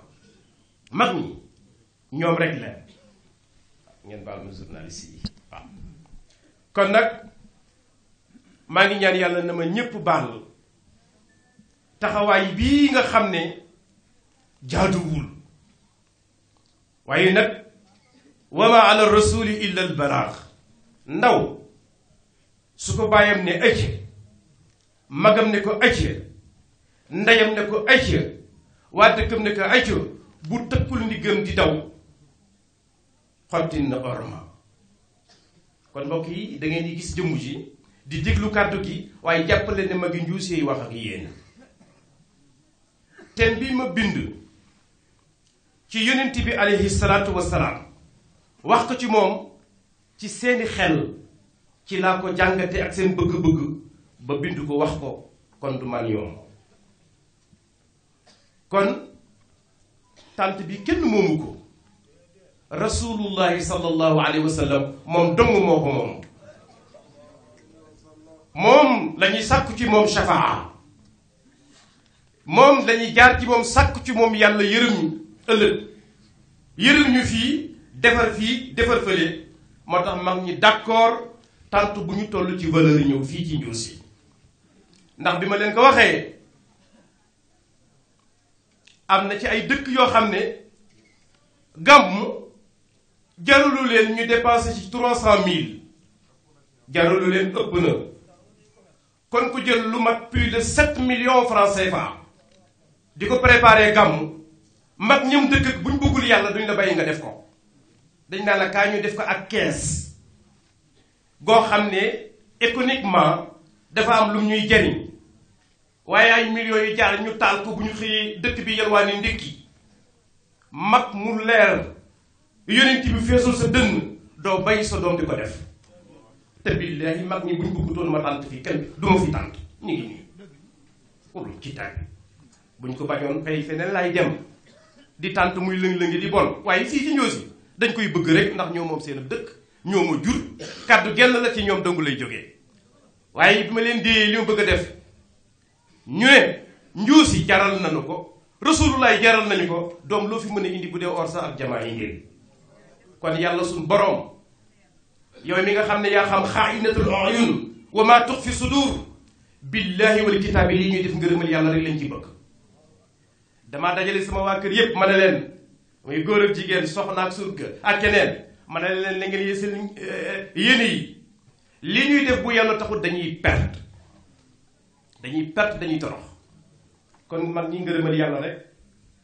mag ñi ñoom rek la ngeen baal ma journaliste yi waaw kon nag maa ngi ñaan yàlla na ma ñépp baal taxawaay bii nga xam ne jaaduwul waaye nag wama ala rasuli illa balaax ndaw su ko bàyyam ne acce magam ne ko acce ndeyam ne ko acce waa dëkkam ne ko acce bu tëkkul ndiggam di daw xottin na orma kon mbokk yi da ngeen gis jëmm ji di déglu kàddu gi waaye jàppale ne magi njuusee wax ak yéen teen bi ma bind ci yonent bi aleyhi salaatu wasalaam wax ko ci moom ci seeni xel ci laa ko jàngate ak seen bëgg-bëgg ba bind ko wax ko kon du man yomb kon tànt bi kenn moomu ko rasulullahi sallallahu alayhi wa sallam moom dong moo ko moom moom la ñuy ci moom shafaa moom dañuy jaar ci moom sàkku ci moom yàlla yërëm ñu ëllëg yërëm ñu fii defar fii defar fële moo tax mag ñi d'accord tant bu ñu toll ci valeur ñëw fii ci njuus yi ndax bi ma leen ko waxee am na ci ay dëkk yoo xam ne gàmmu jarulu leen ñu dépensé ci trois cent mille jarulu leen ëpp na kon ku jël lu mag plus de million millions francs CFA di ko préparer gàmmu mag ñëm dëkk bu buñ bëggul yàlla duñ la bàyyi nga def ko dañ naa kaa ñu def ko ak kees goo xam ne économiquement dafa am lu ñuy jariñ waaye ay millions yu jaar ñu taal ko bu ñu xëyee dëkk bi yalwaani ndékki mag mu leer yonent bi feesul sa dënn doo bàyyi sa doom di ko def te billaahi mag ñi buñ bëggutoon ma tànt fii kenn du ma fi tànt ñu ngi nii wala kitaab bi buñ ko bañoon fay feneen laay dem di tànt muy lëng-lëngi di bon waaye fii ci njóos dañ koy bëgg rek ndax ñoo moom seen dëkk ñoo ma jur kàddu genn la ci ñoom dongu lay jógee waaye bi ma leen déyee li ma bëgg a def ñu ne njuus yi jaral nañu ko rasulullah jaral nañu ko doom loo fi mën a indi bu dee or sa ak jamaa yi ngeen kon yàlla suñ boroom yow mi nga xam ne yaa xam xaainatul uyun wa maa tux fi sudur billahi wal kitaabi lii ñuy def ngërëmal yàlla rek lañ ci bëgg damaa dajale sama waa kër yépp ma ne leen muy góor ak jigéen soxna ak surga ak keneen ma leen na ngeen yéesal eh, yéene yi li ñuy def bu yàlla taxul dañuy perte dañuy perte dañuy torox kon man ñi ngërëmal yàlla rek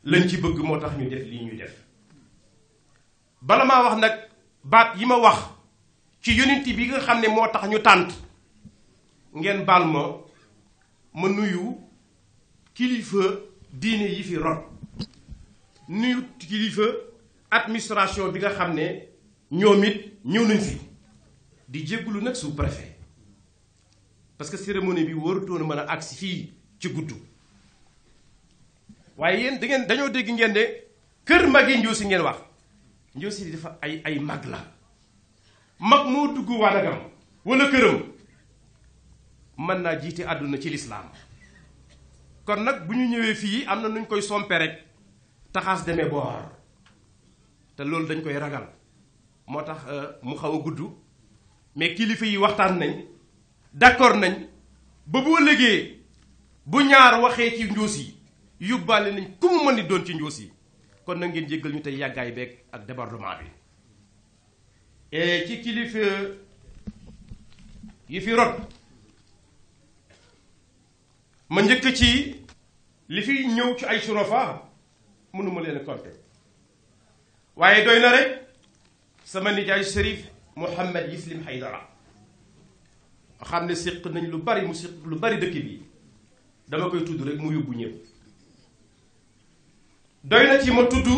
lañ ci bëgg moo tax ñu def lii ñuy def bala maa wax nag baat yi ma wax ci yonent bi nga xam ne moo tax ñu tànt ngeen baal ma ma nuyu kilifa diine yi fi rot nuyu kilifa administration bi nga xam ne ñoom it ñëw nañ di jéggulu nag sous préfet parce que cérémonie bi warutoon mën a agsi fii ci gudd waaye yéen da dañoo dégg ngeen de kër magi si ngeen wax Ndiossi dafa ay ay mag la mag moo dugg waadagam wala këram mën naa jiite àdduna ci lislaam kon nag bu ñu ñëwee fii am na nuñ koy sompe rek taxaas demee boor te loolu dañ koy ragal moo tax euh, mu xaw a gudd mais kilifa yi waxtaan nañ d'accord nañ ba boo légee bu ñaar waxee ci njuus yi yóbbaale nañ ku mu mën ni doon ci njuus yi kon na ngeen jéggal ñu tey yàggaay beeg ak débordement bi E ci kilifa yi fi rot ma njëkk ci li fi ñëw ci ay surafa mënuma leen compté waaye doy na rek sama nijaay Cherif Mouhamed Yislim Haydara xam ne siq nañ lu bari mu siq lu bari dëkk bi dama koy tudd rek mu yóbbu ñëpp doy na ci ma tudd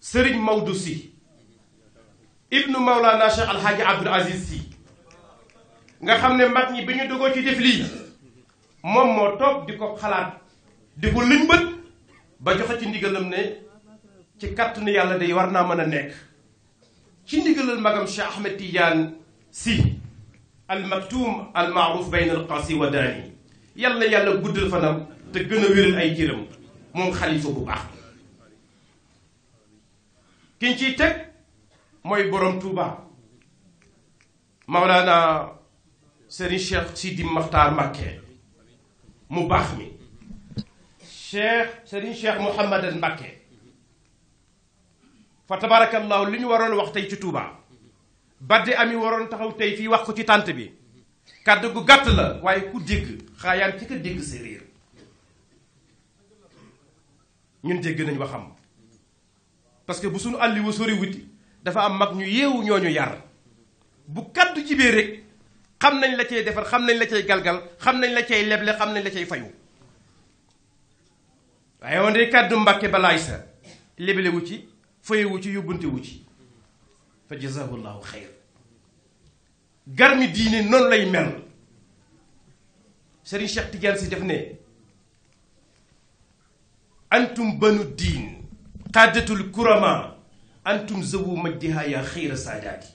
sëriñ Maodo si ibnu Mawlana Cheikh Al Hadj Abdoul Aziz Sy nga xam ne mag ñi bi ñu dogoo ci def lii moom moo toog di ko xalaat di ko lëñbët ba joxe ci ndigalam ne ci kàttanu yàlla day war naa mën a nekk ci ndigalal magam Cheikh Ahmed Tidiane Sy al maktum al maaruf bayn yàlla yàlla guddal fanam te gën a wéral ay cëram moom xalifa bu baax kiñ ciy teg. mooy borom Touba Maulana Serigne Cheikh Sidi Makhtar Mbacké mu baax mi Cheikh Serigne Cheikh Mouhamadan Mbacké fa tabarakallahu li ñu waroon wax tey ci Touba baddi ami waroon taxaw tey fii wax ko ci tànt bi kàddu gu gàtt la waaye ku dégg xaayaan ci ka dégg séeréer ñun dégg nañ waxam parce bu suñu àlli wa sori wuti dafa am mag ñu yeewu ñooñu yar bu kaddu jibee rek xam nañ la cay defar xam nañ la cay galgal xam nañ la cay leble xam nañ la cay fayu waaye woon de kaddu mbàkke balaay sa leblewu ci fayewu ci yóbbuntewu ci fa jazahullahu xayr gar mi diine noonu lay mel Serigne Cheikh Tidiane si def ne antum banu diin xaddatul kurama antum zawu ma yaa xayra saadaati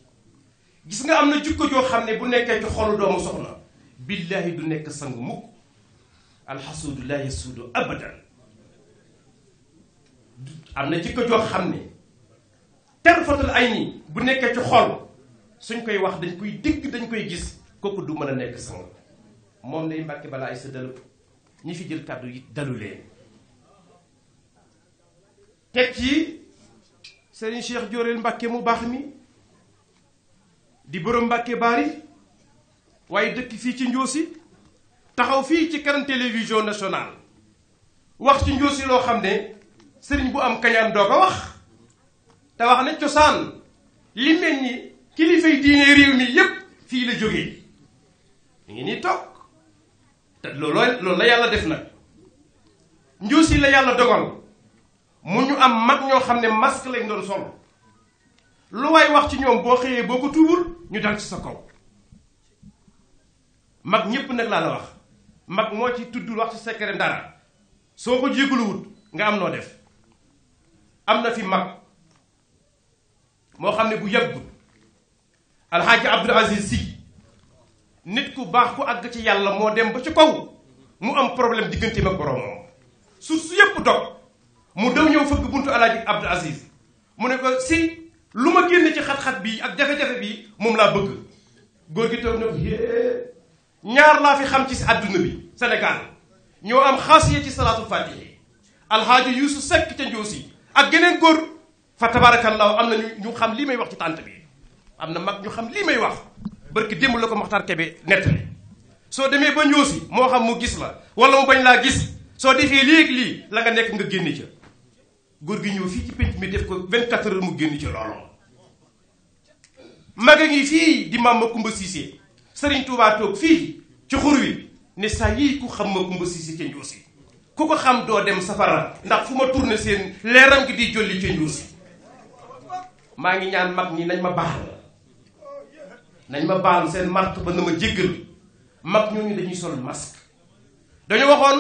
gis nga am na jikko joo xam ne bu nekkee ci xolu doomu soxna billaahi du nekk sang mukk alxasuudu laa yasuudu abadan am na jikko joo xam ne tarfatul ay ni bu nekkee ci xol suñ koy wax dañ koy dégg dañ koy gis kooku du mën a nekk sang moom lay mbàkke balaa ay sa dalu ñi fi jël kàddu yi dalu leen teg sëriñ Cheikh Jóoreel Mbàkke mu baax mi di borom Mbàkke Baari waaye dëkk fii ci Njoosi taxaw fii ci kanam télévision nationale wax ci Njoosi loo xam ne sëriñ bu am kañaan doo ko wax te wax na cosaan li mel ni kilifay diine réew mi yépp fii la jógee mu ngi nii toog te looloo lool la yàlla def nag Njoosi la yàlla dogal mu ñu am mag ñoo xam ne masque lañ doon sol lu waay wax ci ñoom boo xëyee boo ko tuubul ñu dal ci sa kaw mag ñépp nag laa la wax mag moo ci tuddul wax ci secret dara soo ko jégaluwut nga am noo def am na fi mag moo xam ne bu yàggul alxaaji abdul aziz si nit ku baax ku àgg ci yàlla moo dem ba ci kaw mu am problème diggante mag boroom moom su su yépp dog mu daw ñëw fëgg buntu alaaji Abdou Aziz mu ne ko si lu ma génn ci xat bii ak jafe-jafe moom laa bëgg góor gi toog ñaar laa fi xam ci si àdduna bi Sénégal ñoo am xaasiya ci salaatul faatihi alxaaji Yuusu Sekk ca ak geneen góor fa tabaarakallaahu am na ñu xam lii may wax ci tànt bi am na mag ñu xam lii may wax barki démb la ko Maxtaar Kebe nettali soo demee ba Njoosi moo xam mu gis la wala mu bañ laa gis soo defee léegi lii la nga nekk nga génne ca góor gi ñëw fii ci pénc mi def ko 24 heures mu génn ci loolu mag ngi fii di maam Makumba Cissé Serigne Touba toog fii ci xur wi ne saa yii ku xam Makumba Cissé ca Ndiossi ku ko xam doo dem safara ndax fu ma tourné seen leeram gi di jolli ca si maa ngi ñaan mag ñi nañ ma baal nañ ma baal seen mart ba na ma jéggal mag ñooñu dañuy sol masque dañu waxoon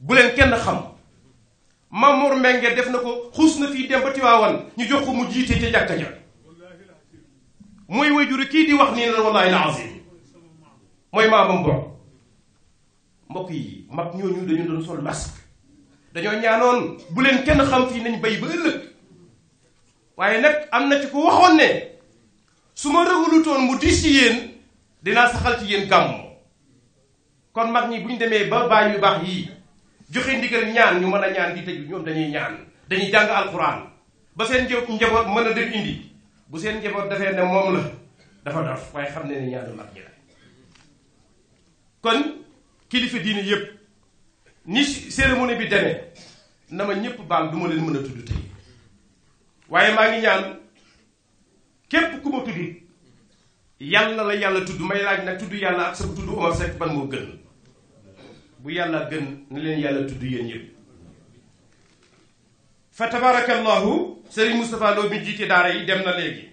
bu leen kenn xam. Mamour Mbengue def na ko xuus na fii dem ba Tiwaawan ñu jox ko mu jiite ca jàkka ja mooy wajuri kii di wax nii la wallaahi la azim mooy maamam bokk mbokk yi mag ñooñu dañu doon sol masque dañoo ñaanoon bu leen kenn xam fii nañ bay ba ëllëg waaye nag am na ci ko waxoon ne su ma rëgulutoon mu diis ci yéen dinaa saxal ci yéen gàmm kon mag ñi bu demee ba baay yu baax yii joxe ndigal ñaan ñu mën a ñaan di tëju ñoom dañuy ñaan dañuy jàng alxuraan ba seen jë njaboot mën a def indi bu seen njaboot defee ne moom la dafa dof waaye xam ne ne ñaanu mag ñi la kon kilifa diine yépp ni cérémonie bi demee na ma ñëpp baal du ma leen mën a tudd tey waaye maa ngi ñaan képp ku ma tudd yàlla la yàlla tudd may laaj nag tudd yàlla ak sa tudd Omar Seck ban moo gën bu yàlla gën na leen yàlla tudd yéen ñëpp fa tabarakallahu Serigne Moustapha Lo mi jiite daara yi dem na léegi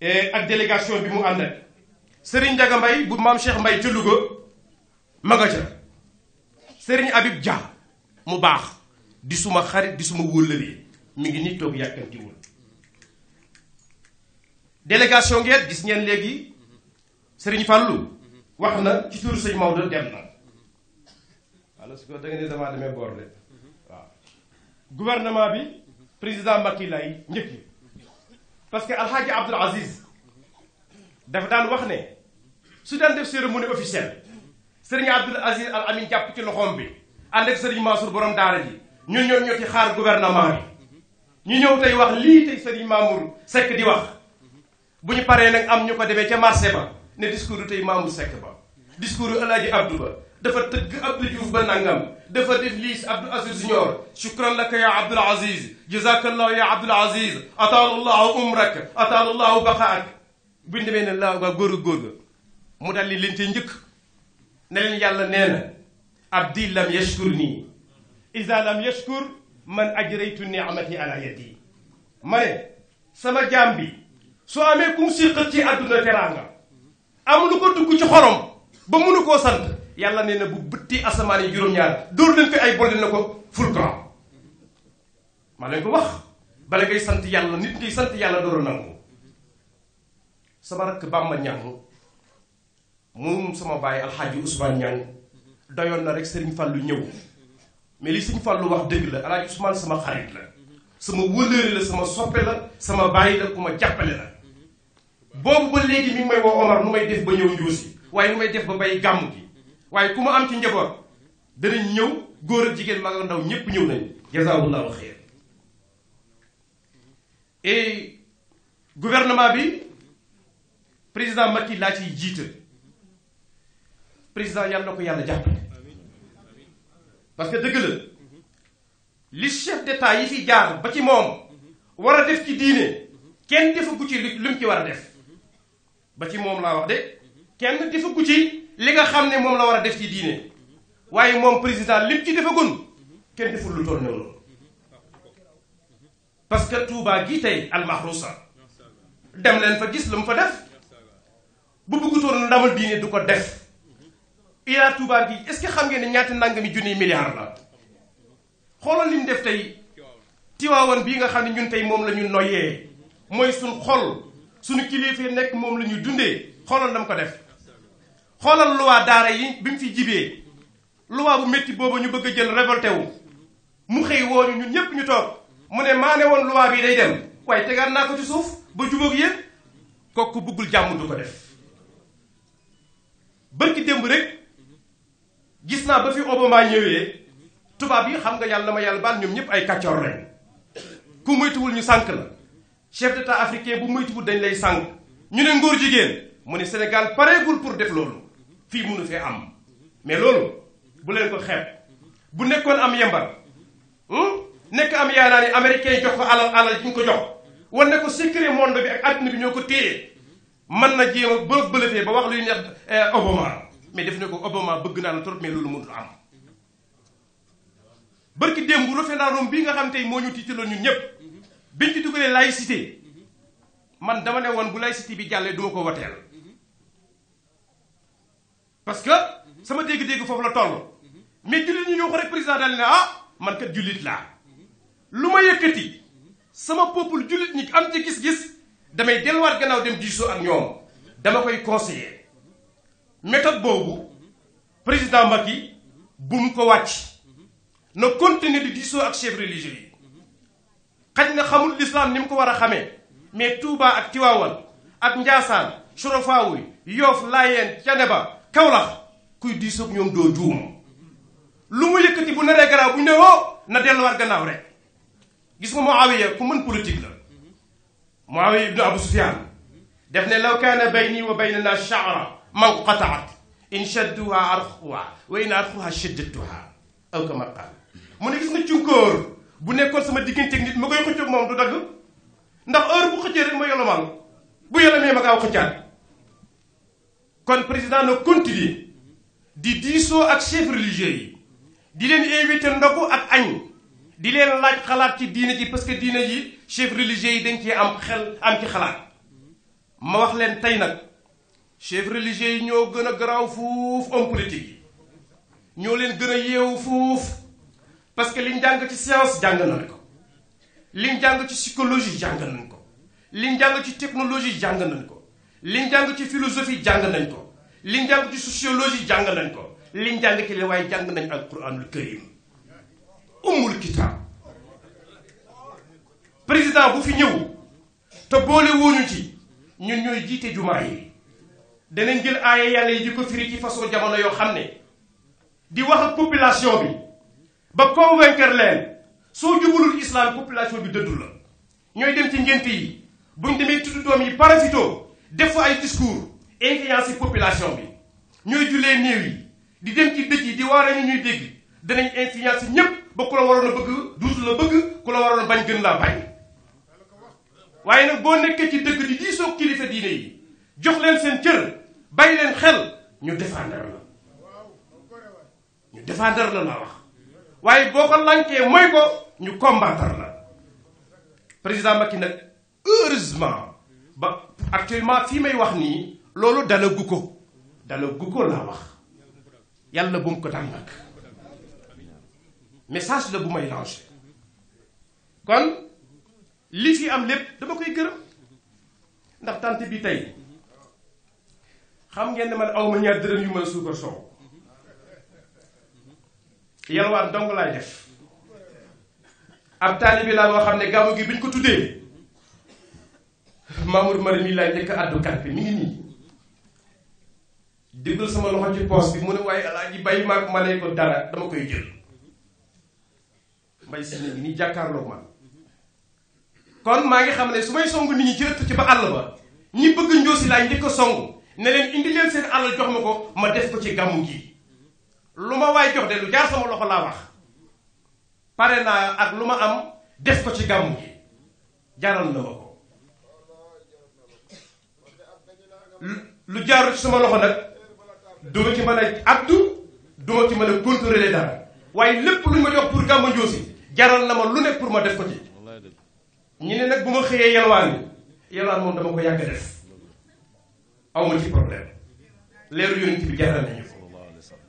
e, ak délégation bi mu ànd ak Serigne Ndiaga Mbaye bu maam Cheikh Mbaye ca Louga ma ca Serigne Habib Dia mu baax di suma xarit di suma wóllëre mi ngi nii toog yàkkantiwul délégation ngeen gis ngeen léegi Serigne Fallou wax na ci turu sëñ Maodo dem na walla su ko da nga ne damaa demee boor de mm-hmm. waaw bi président Macky lay njëkk yi parce que alxaaji Abdoul Aziz dafa daan wax ne su daan def cérémonie officielle sëriñ Abdoul Aziz Al Amin jàpp ci loxoom bi ànd ak sëriñ Mansour borom daara ji ñun ñoom ñoo ci xaar gouvernement bi ñu ñëw tey wax lii tey sëriñ Mamour Seck di wax mm-hmm. bu ñu paree nag am ñu ko demee ca marché ba ne discours tey Mamour Seck ba discours yu El Hadj Abdou ba dafa tëgg Abdou Diouf ba nangam dafa def lii Abdou Aziz Junior laka ya Abdoul Aziz jazakallahu ya Abdoul Aziz ataala llahu umrak ataala llahu baqaak buñu demee ne laa mu dal li leen njëkk ne leen yàlla nee na abdi lam yashkur nii ida lam yashkur man ajraytu niamati ala yadi sama jaam bi soo amee kum siqal ci àdduna am lu ko dugg ci xorom ba mënu koo sant yàlla nee na bu bëtti asamaan yi juróom-ñaar dóor leen fi ay bolle na ko ful grand maa leen ko wax bala ngay sant yàlla nit ngay sant yàlla door a nangu sama rakk Bamba Ñang moom sama bàyyi alxaaji Ousmane Ñang doyoon na rek Sëriñ Fàllu ñëw mais li Sëriñ Fàllu wax dëgg la alxaaji Ousmane sama xarit la sama wëlëre la sama soppe la sama bàyyi la ku ma jàppale la boobu ba léegi mi may woo Omar nu may def ba ñëw njuusi waaye nu may def ba bay gàmm gi waaye ku ma am ci njaboot danañ ñëw góor ak jigéen mag ak ndaw ñëpp ñëw nañu jazakumullahu xeer et gouvernement bi président Macky laa ci jiita président yàlla na ko yàlla jàppale parce que dëgg la li chef d'état yi fi jaar ba ci moom war a def ci diine kenn defagu ci lu mu ci war a def ba ci moom laa wax de kenn defagu ci li nga xam ne moom la war a def ci diine waaye moom président lim ci defagun kenn deful lu toll noonu parce que Touba gi tey almahrusa dem leen fa gis la mu fa def bu bëggutoon ndamal diine du ko def ila Touba gi est-ce que xam ngeen ne ñaata nangami junniy milliards la xoolal li mu def tey tiwaawan bii nga xam ne ñun tey moom la ñu noyyee mooy suñ xol suñu kilifa yi nekk moom la ñu dundee xoolal dama ko def xoolal luwaa daara yi bi mu fi jibee luwaa bu metti boobu ñu bëgg a jël révolté wu mu xëy wooñu ñun ñëpp ñu toog mu ne maa ne woon luwaa bi day dem waaye tegaat naa ko ci suuf ba jubóog yéen kooku bëggul jàmm du ko def bërki démb rek gis naa ba fi Obama ñëwee tubaab yi xam nga yàlla ma yàlla baal ñoom ñëpp ay kàccoor lañ ku moytuwul ñu sànk la chef d'état africain bu moytuwul dañ lay sànq ñu ne ngóor jigéen mu ne Sénégal pareegul pour def loolu fii mënu fee am mais loolu bu leen ko xeeb bu nekkoon am yembar hmm? nekk am yaanaa ni américain jox ko alal alal ji ñu ko jox wala ne ko secret monde bi ak àddina bi ñoo ko téye man na jéem a bëlëfee ba wax luy neex eh, Obama mais def ne ko Obama bëgg naa la trop mais loolu mënul am bërki démb bu rafet naa bii nga xam tey moo ñu tiitaloon ñëpp. biñ ci dugalee laïcité man dama ne woon bu laïcité bi jàllee duma ko woteel parce que sama dégg-dégg foofu la toll mais jullit ñu ñëw ko rek président daal ne ah man kat jullit laa lu ma yëkkati sama peuple jullit ñi am ci gis-gis damay delluwaat gannaaw dem diisoo ak ñoom dama koy conseiller méthode boobu président Macky bu mu ko wàcc na continuer di diisoo ak chef religieux yi xañ na xamul lislaam ni mu ko war a xame mais Touba ak Tiwaawan ak Njaasaan Sorofaawuy Yoof Laayeen Caneba Kawlax kuy diisoog ñoom doo juum lu mu yëkkati bu naree garaaw bu ñëwoo na delluwaat gannaaw rek gis nga Muawiya ku mën politique la Muawiya ibnu Abu Sufyaan def ne law kaana bayni wa baynana sha'ra man qata'at in shadduha arxuha wa in arxuha aw kama qaal mu ne gis nga bu nekkoon sama digganteeg nit ma koy xëccoog moom du dagg ndax heure bu xëccee rek ma yolomaan bu yolomee ma gaaw xëccaat kon président na continuer di diisoo ak chef religieux yi di leen invité ndogu ak añ di leen laaj xalaat ci diine ji parce que diine yi chef religieux yi dañ cee am xel am ci xalaat ma wax leen tey nag chef religieux yi ñoo gën a garaaw fuuf homme politique yi ñoo leen gën a yeewu foofu parce que liñ jàng ci science jàngal nañ ko liñ jàng ci psychologie jàngal nañ ko liñ jàng ci technologie jàngal nañ ko liñ jàng ci philosophie jàng nañ ko liñ jàng ci sociologie jàng nañ ko liñ jàng ci li waaye jàng nañ al quranul karim ummul kitaab président bu fi ñëw te boole wooñu ci ñun ñooy jiite jumaa yi danañ jël aaya yàlla yi di ko firi ci façon jamono yoo xam ne di wax ak population bi ba convaincre leen soo jubalul islam population bi dëddu la ñooy dem ci ngénte yi ñu demee tudd doom yi parasito def fa ay discours influence population bi ñooy jullee néew yi di dem ci dëj yi di waare ñu ñuy dégg danañ influence ñépp ba ku la bëgg duus la a bañ gën laa bañ waaye nag boo nekkee ci dëgg di diisoo kilifa diine yi jox leen seen cër bañ leen xel ñu défendre la ñu défendre la laa wax waaye boo ko lankee mooy ko ñu combattre la président Macky nag heureusement ba actuellement fii may wax nii loolu dala gu ko dala gu ko laa wax yàlla bu mu ko dal nag message la bu may lancé kon li fi am lépp dama koy gërëm ndax tante bi tey xam ngeen ne man awma ñaar dërëm yu mën a suukar soow yalwaan dong laay def ab taalibi laa boo xam ne gàmmu gi biñ ko tuddee Mamour Mari mii laay njëkk àddu kat bi mi ngi nii déglu sama loxo ci poos bi mu ne waaye alaaji bay maag ma ne ko dara dama koy jël mbay si ngi nii jàkkaarloo ma kon maa ngi xam ne su may song nit ñi ci ëtt ci ba àll ba ñi bëgg njoosi laay njëkk a song ne leen indi leen seen àll jox ma ko ma def ko ci gàmm gi lu ma waay jox de lu jaar sama loxo laa wax pare naa ak lu ma am def ko ci gàmmu gi jaral na ma ko lu jaaru suma loxo nag duma ci mën a addu duma ci mën a contrôler dara waaye lépp lu ma jox pour gàmmu Ndiossi jaral na ma lu ne pour ma def ko ci ñu ne nag bu ma xëyee yalwaan yalwaan moom dama ko yàgg def awma ci problème leeru yonent bi jaral nañu ko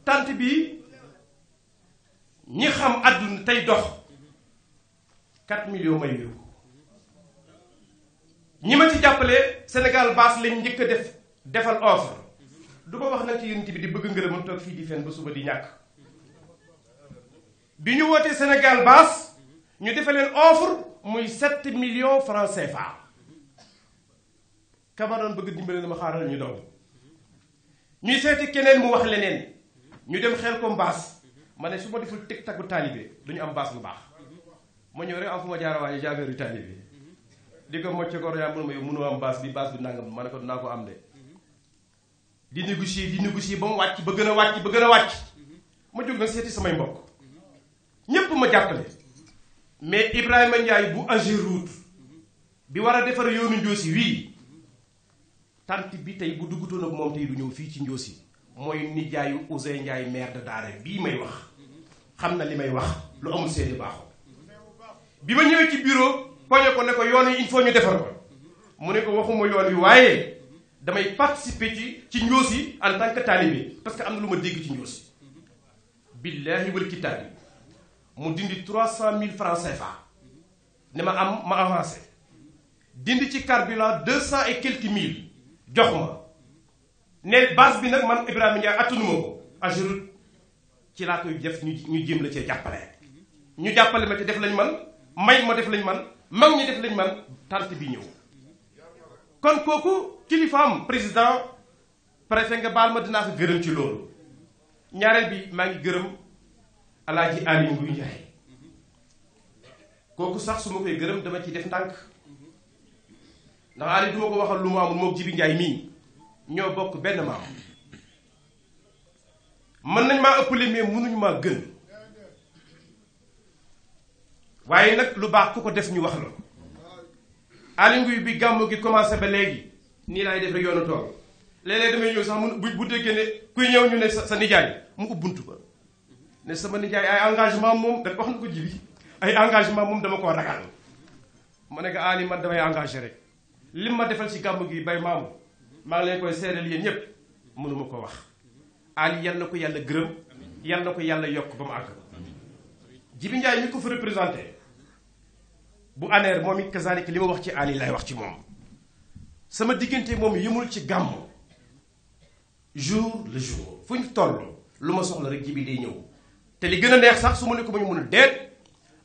tant bii ñi xam àdduna tey dox 4 millions may ko ñi ma ci jàppale Sénégal baas lañ njëkk def defal offre du wax nag ci yonent bi di bëgg ngërëmam toog fii di fen ba suba di ñàkk bi ñu wootee Sénégal baas ñu defe leen offre muy 7 millions francs CFA kama bëgg dimbale na xaaral ñu doon ñuy seeti keneen mu wax leneen ñu dem xel ko mbaas ma ne su ma deful teg takku taalibe duñu am mbaas bu baax ma ñëw rek am fu ma jaarawaay javeeru taalibe di ko mocc ko yaa mun yow mënoo am baas bi baas bi nangam ma ne ko am de di négocier di négocier ba mu wàcc ba gën a wàcc ba gën a wàcc ma jóg nag seeti samay mbokk ñépp ma jàppale mais Ibrahima Ndiaye bu Ageroute bi war a defar yoonu Ndiosi wii tant bi tey bu duggutoon ak moom tey du ñëw fii ci Ndiosi mooy nijaayu Ousseyn Ndiaye maire de Daara bii may wax xam na li may wax lu amul seeni baaxu bi ma ñëwee ci bureau poñe ko ne ko yoon yi il faut ñu defar ko mu ne ko waxuma yoon wi waaye damay participer ci ci njóos yi en tant parce que am na lu ma dégg ci njóos yi billaahi wal kitaabi mu dindi trois cent mille francs CFA ne ma am ma avancé dindi ci carburant deux cent et quelques mille jox ma ne baas bi nag man Ibrahima Ndiaye attanuma ko ajurut ci laa koy def ñu ñu la cee jàppale ñu jàppale ma ci def lañ man may ma def lañ man mag ñu def lañ man tànt bi ñëw kon kooku kilifaam président préfet nga baal ma dinaa ko gërëm ci loolu ñaareel bi maa ngi gërëm alaaji Aliou Nguy Ndiaye kooku sax suma ma koy gërëm dama ciy def ndànk ndax Aliou du ma ko waxal lu mu amul moom Jibi Ndiaye mii ñoo bokk benn maam mën nañ maa ëppale mais mënuñu maa gën waaye nag lu baax ku ko def ñu wax la alinguy bi gàmmu gi commencé ba léegi nii laay def rek yoonu tool léeg-léeg damay ñëw sax mun bu bu déggee ne kuy ñëw ñu ne sa nijaay mu ubbuntu ba ne sama nijaay ay engagement moom dafa wax na ko jibi ay engagement moom dama ko ragal ma nekk ko Ali man damay engagé rek lim ma defal ci gàmm gi bay maamu maa ngi leen koy seeral yéen ñëpp mënuma ko wax Ali yal na ko yàlla gërëm yal na ko yàlla yokk ba mu àgg Jibi Njaay ñu ko fa représenté bu aneer moom it kazalik li ma wax ci Ali lay wax ci moom sama diggante moom yëmul ci gàmm jour le jour fu ñu toll lu ma soxla rek jibi day ñëw te li gën a neex sax su ma ne ko ma ñu mun a deet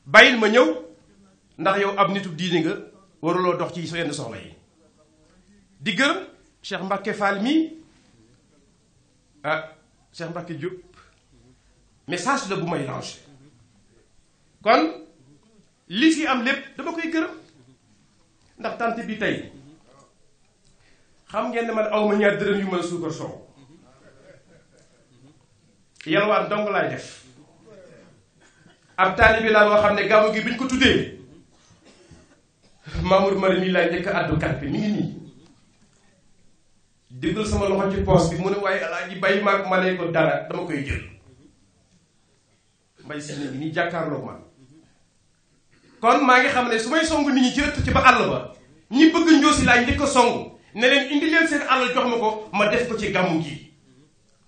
bàyyil ma ñëw ndax yow ab nitu diine nga waruloo dox ci yenn soxla yi di gërëm Cheikh Mbacke Fall mii ah Cheikh Mbacke Diop message la bu may lancé kon li fi am lépp dama koy gërëm ndax tànt bi tey xam ngeen ne man awma ñaar dërëm yu mën a suukar soow yalwaan dong laay def ab taalibe laa boo xam ne gàmmu gi bi ñu ko tuddee Mamour Mari mi laay njëkk addu kat bi mi ngi nii déggal sama loxo ci poos bi mu ne waaye alaaji bay maag ma ne ko dara dama koy jël mbay si ngi ni jàkkaarloog man kon maa ngi xam ne su may song nit ñi ci ëtt ci ba àll ba ñi bëgg njoosi laay njëkk a song ne leen indi leen seen àll jox ma ko ma def ko ci gàmmu gi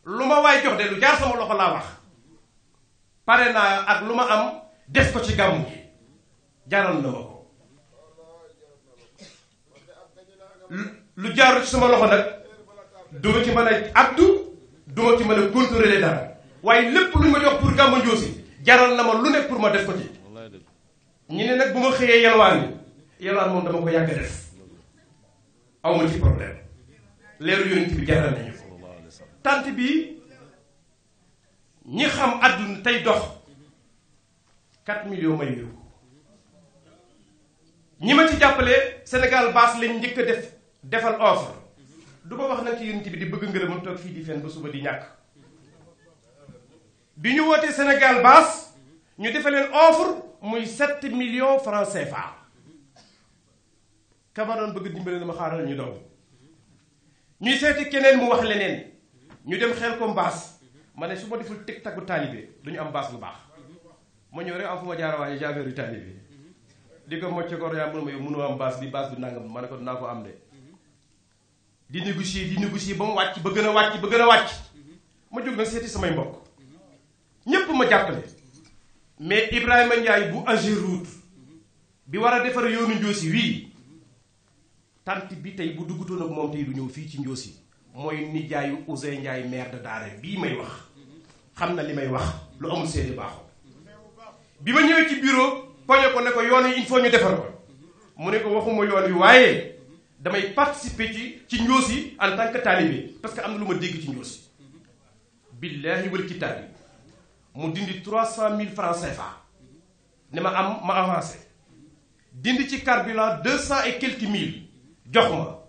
lu ma waay jox de lu jaar sama loxo laa wax pare naa ak lu ma am def ko ci gàmmu gi jaral na ma ko lu jaar ci sama loxo nag du ci mën a addu du ma ci mën a contrôler dara waaye lépp lu ma jox pour Gàmba Njóosi jaral na ma lu nekk pour ma def ko ci ñu ne nag bu ma xëyee yalwaan yi yalwaan moom dama ko yàgg def awma ci problème leeru yonent bi jaral nañu ko tant bi ñi xam àdduna tey dox 4 millions may ko ñi ma ci jàppale Sénégal baas lañ njëkk a def defal offre du ma wax nag ci yonent bi di bëgg ngërëmam toog fii di fen ba suba di ñàkk bi ñu wootee Sénégal baas ñu defe leen offre muy 7 millions francais CFA ka ma doon bëgg dimbale dama xaaral ñu doon ñuy seeti keneen mu wax leneen ñu dem xel ko mbaas ma ne su ma deful teg takku taalibe duñu am mbaas bu baax ma ñëw rek am fu ma jaar waaye jaaveeru taalibe di ko mocc ko yaa mun ma yow mënoo am mbaas bi mbaas bi nangam ma ne ko dinaa ko am de di négocier di négocier ba mu wàcc ba gën a wàcc ba gën a wàcc ma jóg nag seeti samay mbokk ñépp ma jàppale mais Ibrahima Ndiaye bu Ageroute bi war a defar yoonu Ndiosi wii tant bi tey bu duggutoon ak moom tey du ñëw fii ci Ndiosi mooy nijaayu Ousseyn Ndiaye maire de Daara bii may wax xam na li may wax lu amul seede baaxoo bi ma ñëwee ci bureau poñe ko ne ko yoon yi il faut ñu defar ko mu ne ko waxuma yoon wi waaye damay participer ci ci njóos yi en tant que taalibe parce que am na lu ma dégg ci njóos yi billaahi wal kitaabi mu dindi trois cent mille francs CFA ne ma am ma avancé dindi ci carburant deux cent et quelques mille jox ma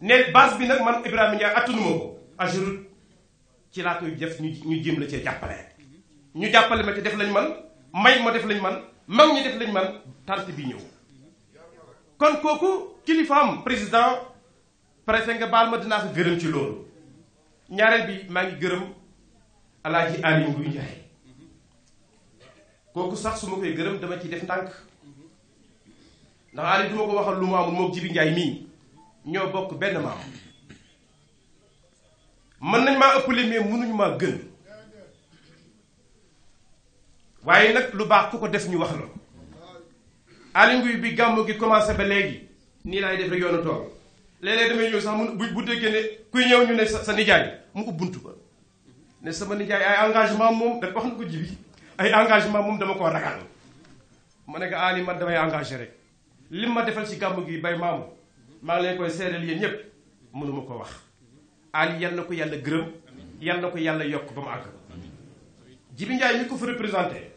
ne base bi nag man Ibrahima Ndiaye attanu ma ko ajurut ah, ci laa koy def ñu ñu jéem la cee jàppale ñu jàppale ma ci def lañ man may ma def lañ man mag ñu def lañ man tànt bi ñëw kon kooku kilifaam président préfet nga baal ma dinaa ko gërëm ci loolu ñaareel bi maa ngi gërëm alaaji Aliou Nguy Njaay kooku sax su ma koy gërëm dama ci def ndànk ndax Aliou duma ko waxal lu mu amul moog Jibi Njaay mii ñoo bokk benn maam mën nañ maa ëppale mais mënuñu maa gën waaye nag lu baax ku ko def ñu wax la Aly Ngouille bi gàmmu gi commencé ba léegi nii laay def rek yoonu tool léeg-léeg damay ñëw sax mun bu bu déggee ne kuy ñëw ñu ne sa nijaay mu ubbuntu ba ne sama nijaay ay engagement moom dafa wax na ko jibi ay engagement moom dama ko ragal ma nekk ko Aly ah, man damay engagé rek lim ma defal ci gàmmu gi bay maamu maa ngi leen koy seedal yéen ñëpp ma ko wax Aly yal na ko yàlla gërëm yal na ko yàlla yokk ba mu àgg Jibi Njaay mi ko fa représenté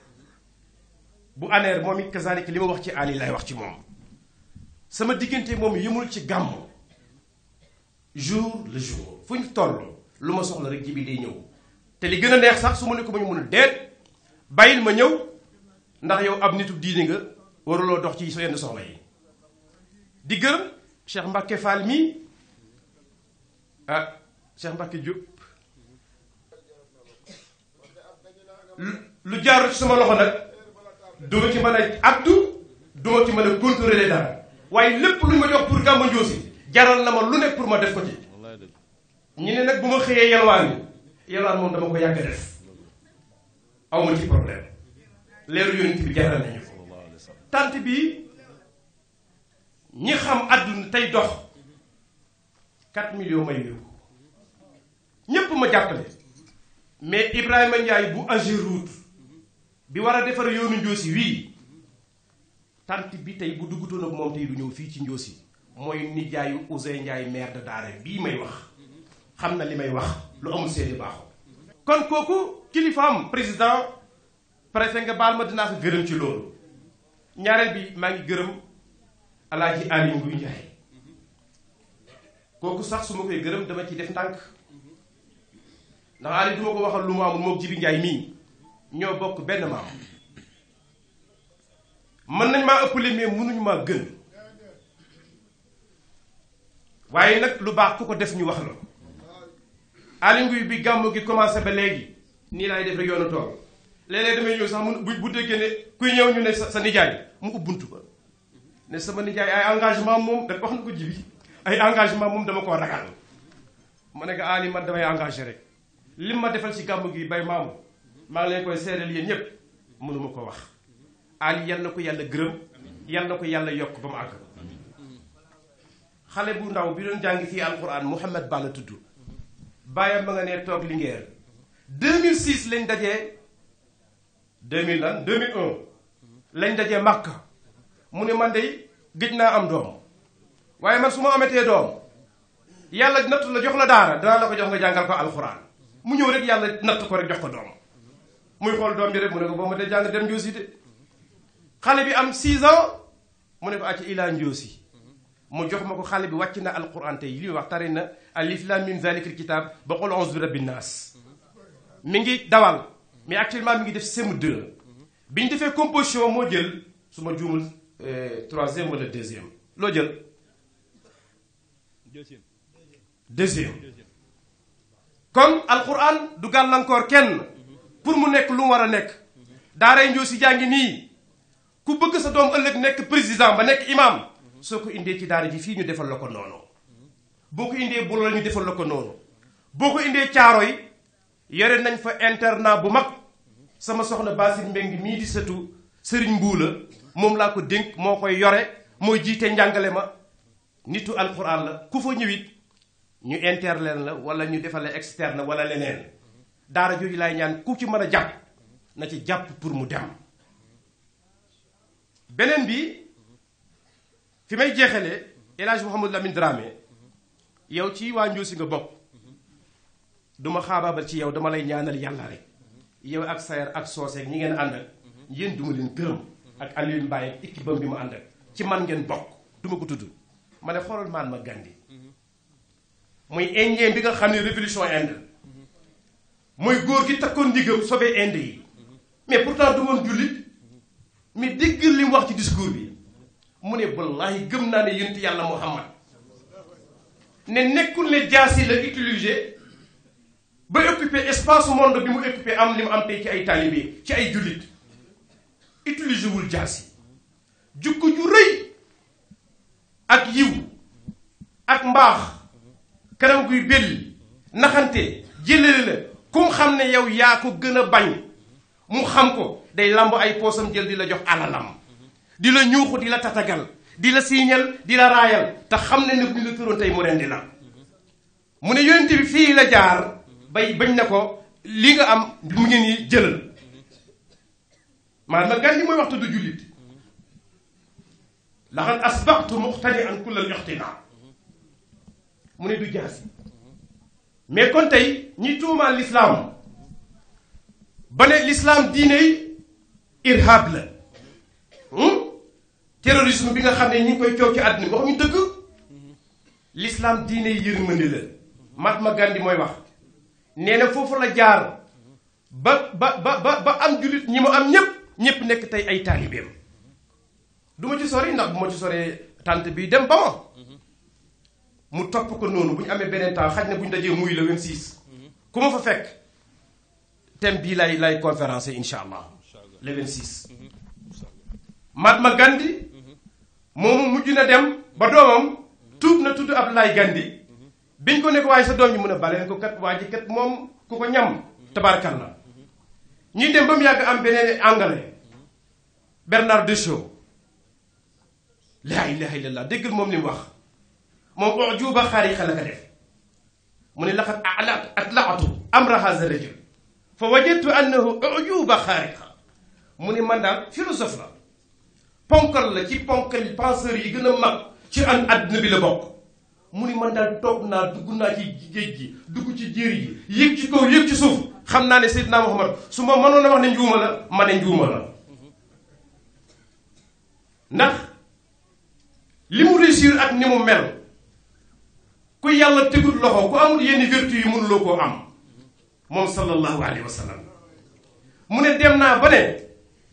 bu aneer moom it kazaalika li ma wax ci Ali lay wax ci moom sama diggante moom yi yëmul ci gàmm jour la jour fu ñu toll lu ma soxla rek jibi day ñëw te li gën a neex sax su ma ne ko mu ñu mën a deet bàyyil ma ñëw ndax yow ab nitu diine nga waruloo dox ci yenn soxla yi di gërëm Cheikh Mbacke Fall mii ah Cheikh Mbacke Diop lu jaarul ci sama loxo nag duma ci mën a addu duma ci man a contrôler dara waaye lépp lu ñu ma jox pour Gamba Ndiossi jaral na ma lu nekk pour ma def ko ci ñu ne nag bu ma xëyee yalwaan yi yalwaan moom dama ko yàgg def aw ci problème leeru yonent bi jaral nañu ko tant bi ñi xam àdduna tey dox 4 millions may yóbbu ñépp ma jàppale mais Ibrahima Ndiaye bu Ageroute bi war a defar yoonu Njóosi wii tant bi tey bu duggutoon ak moom tey lu ñëw fii ci Njóosi mooy nijaayu Ousseyn Ndiaye maire de Daara bii may wax xam na li may wax lu amul seede baaxoo. kon kooku kilifaam président préfet nga baal ma dinaa ko gërëm ci loolu ñaareel bi maa ngi gërëm El Hadj Aliou Ngouye kooku sax su ma koy gërëm dama ci def ndànk ndax Aliou du ma ko waxal lu mu amul moog Jibi Ndiaye mii. ñoo bokk benn maam mën nañ maa ëppale mais mënuñu maa gën waaye nag lu baax ku ko def ñu wax la alinguy bi gàmmu gi commencé ba léegi nii laay def rek yoonu tool léeg-léeg damay ñëw sax mun bu bu déggee ne kuy ñëw ñu ne sa sa nijaay mu ub buntu ba ne sama nijaay ay engagement moom da wax na ko jibi ay engagement moom dama koo ragal ma ne ko Ali man damay engagé rek lim ma defal ci gàmmu gi bay maamu maa ngi leen koy seedeel yéen ñëpp mënuma ko wax Ali yal na ko yàlla gërëm yal na ko yàlla yokk ba mu àgg xale bu ndaw bi doon jàngi fii alquran Mouhamed Ba la tudd bàyyam ba nga ne lañ dajee 2000 lan 2001 lañ dajee Màkka mu ne man de gëj naa am doom waaye man su ma amatee doom yàlla nattu la jox la daara danaa la ko jox nga jàngal ko alquran mu ñëw rek yàlla natt ko rek jox ko doom muy xool doom bi rek mu ne ko boo ma tee jàng dem njoosi de xale bi am 6 ans mu ne ko acca ilaa njoosi mu jox ma ko xale bi wàcc na alquran tey li muy wax tari na alif lam mim zalikal kitab ba xool onze bi rabbi mi ngi dawal mais actuellement mi ngi def sem 2 bi ñu defee composition moo jël su ma juumul euh, troisième wala deuxième loo jël deuxième kon alquran du gàllankoor kenn pour mu nekk lu war a nekk daaray njoo si jàngi nii ku bëgg sa doom ëllëg nekk président ba nekk imam soo ko indee ci daara ji fii ñu defal la ko noonu boo ko indee bu ñu defal ko noonu boo ko indee caaro yi yore nañ fa internant bu mag sama soxna Basir Mbeng mii di sëtu Sëriñ Mbuula moom laa ko dénk moo koy yore mooy jiite njàngale ma nitu alxuraan la ku fa ñëwit ñu interne la wala ñu defal defale externe wala leneen daara jooju laay ñaan ku ci mën a jàpp na ci jàpp pour mu dem beneen bi fi may jeexale El Hadj Mouhamadou Lamine Dramé yow ci waa si nga bokk duma xaabaabal ci yow dama lay ñaanal yàlla rek yow ak Sayar ak Sooseek ñi ngeen ànd ak yéen duma leen gërëm ak Alioune Mbaye ak équipe bi mu ànd ak ci man ngeen bokk duma ko tudd ma ne xoolal maan ma gandi muy indien bi nga xam ne révolution Inde mooy góor gi takkoon ndigam sauvé Inde yi mais pourtant du woon jullit mais dégg li wax ci discours bi mu ne wallaahi gëm naa ne yonent yàlla Muhammad ne nekkul ne jaasi la utiliser ba occuper espace monde bi mu occuper am li mu am tey ci ay taalibe ci ay jullit utiliser wul jaasi jukko ju rëy ak yiw ak mbaax kanam guy bëri naxante jëlale la ku xam ne yow yaa ko gën a bañ mu xam ko day lamb ay poosam jël di la jox alalam di la ñuuxu di la tatagal di la siiñal di la raayal te xam ne ne bu ñu la turoon tey mu rendi la mu ne yonent bi fii la jaar bay bañ na ko li nga am mu ngeen yi jëlal maanaam gan ñi mooy waxtu du jullit laxat asbaqtu muxtani an kullal ixtina mu ne du jaasi mais kon tey ñi tuumaal lislaam ba ne lislaam diiney irhab la hmm? terrorisme bi nga xam ne ñu koy coow ci àdduna bi wax ñu dëgg lislaam diiney yërmande la Mahatma Gandhi mooy wax nee na foofu la jaar ba ba ba ba am jullit ñi mu am ñépp ñépp nekk tey ay taalibeem du ma ci sori ndax bu ma ci soree tànt bii dem ba ma mu topp ko noonu bu ñu amee beneen temps xaj na bu ñu dajee muy le 26. Mhm. ku ma fa fekk thème bii lay lay conférence incha allah le 26. Mhm. Mahatma Gandhi mhm. moomu mujj na dem ba doomam tuub na tudd Abdoulaye Gandhi biñ ko nekk waaye sa doom ñu mën a bare ko kat waa ji moom ku ko ñam na ñuy dem ba mu yàgg am beneen anglais Bernard Shaw laa ilaha illallah déggal moom li mu wax. moom ujuba xaariqa la ko def mu ne laqad atlaatu amra haza rajul fa wajadtu annahu ujuba xaariqa mu ne man daal philosophe la ponkal la ci ponkal penseur yi gën a mag ci an adduna bi la bokk mu ni man daal toog naa dugg naa ci géej gi dugg ci jéer yi yëg ci kaw yëg ci suuf xam naa ne Seydina Muhammad su ma mënoon a wax ne njuuma la ma ne njuuma la ndax li mu réussir ak ni mu mel ku yàlla tegul loxo ku amul yenn vertu yi mënuloo koo am moom sallallahu alayhi wa sallam mu ne dem naa ba ne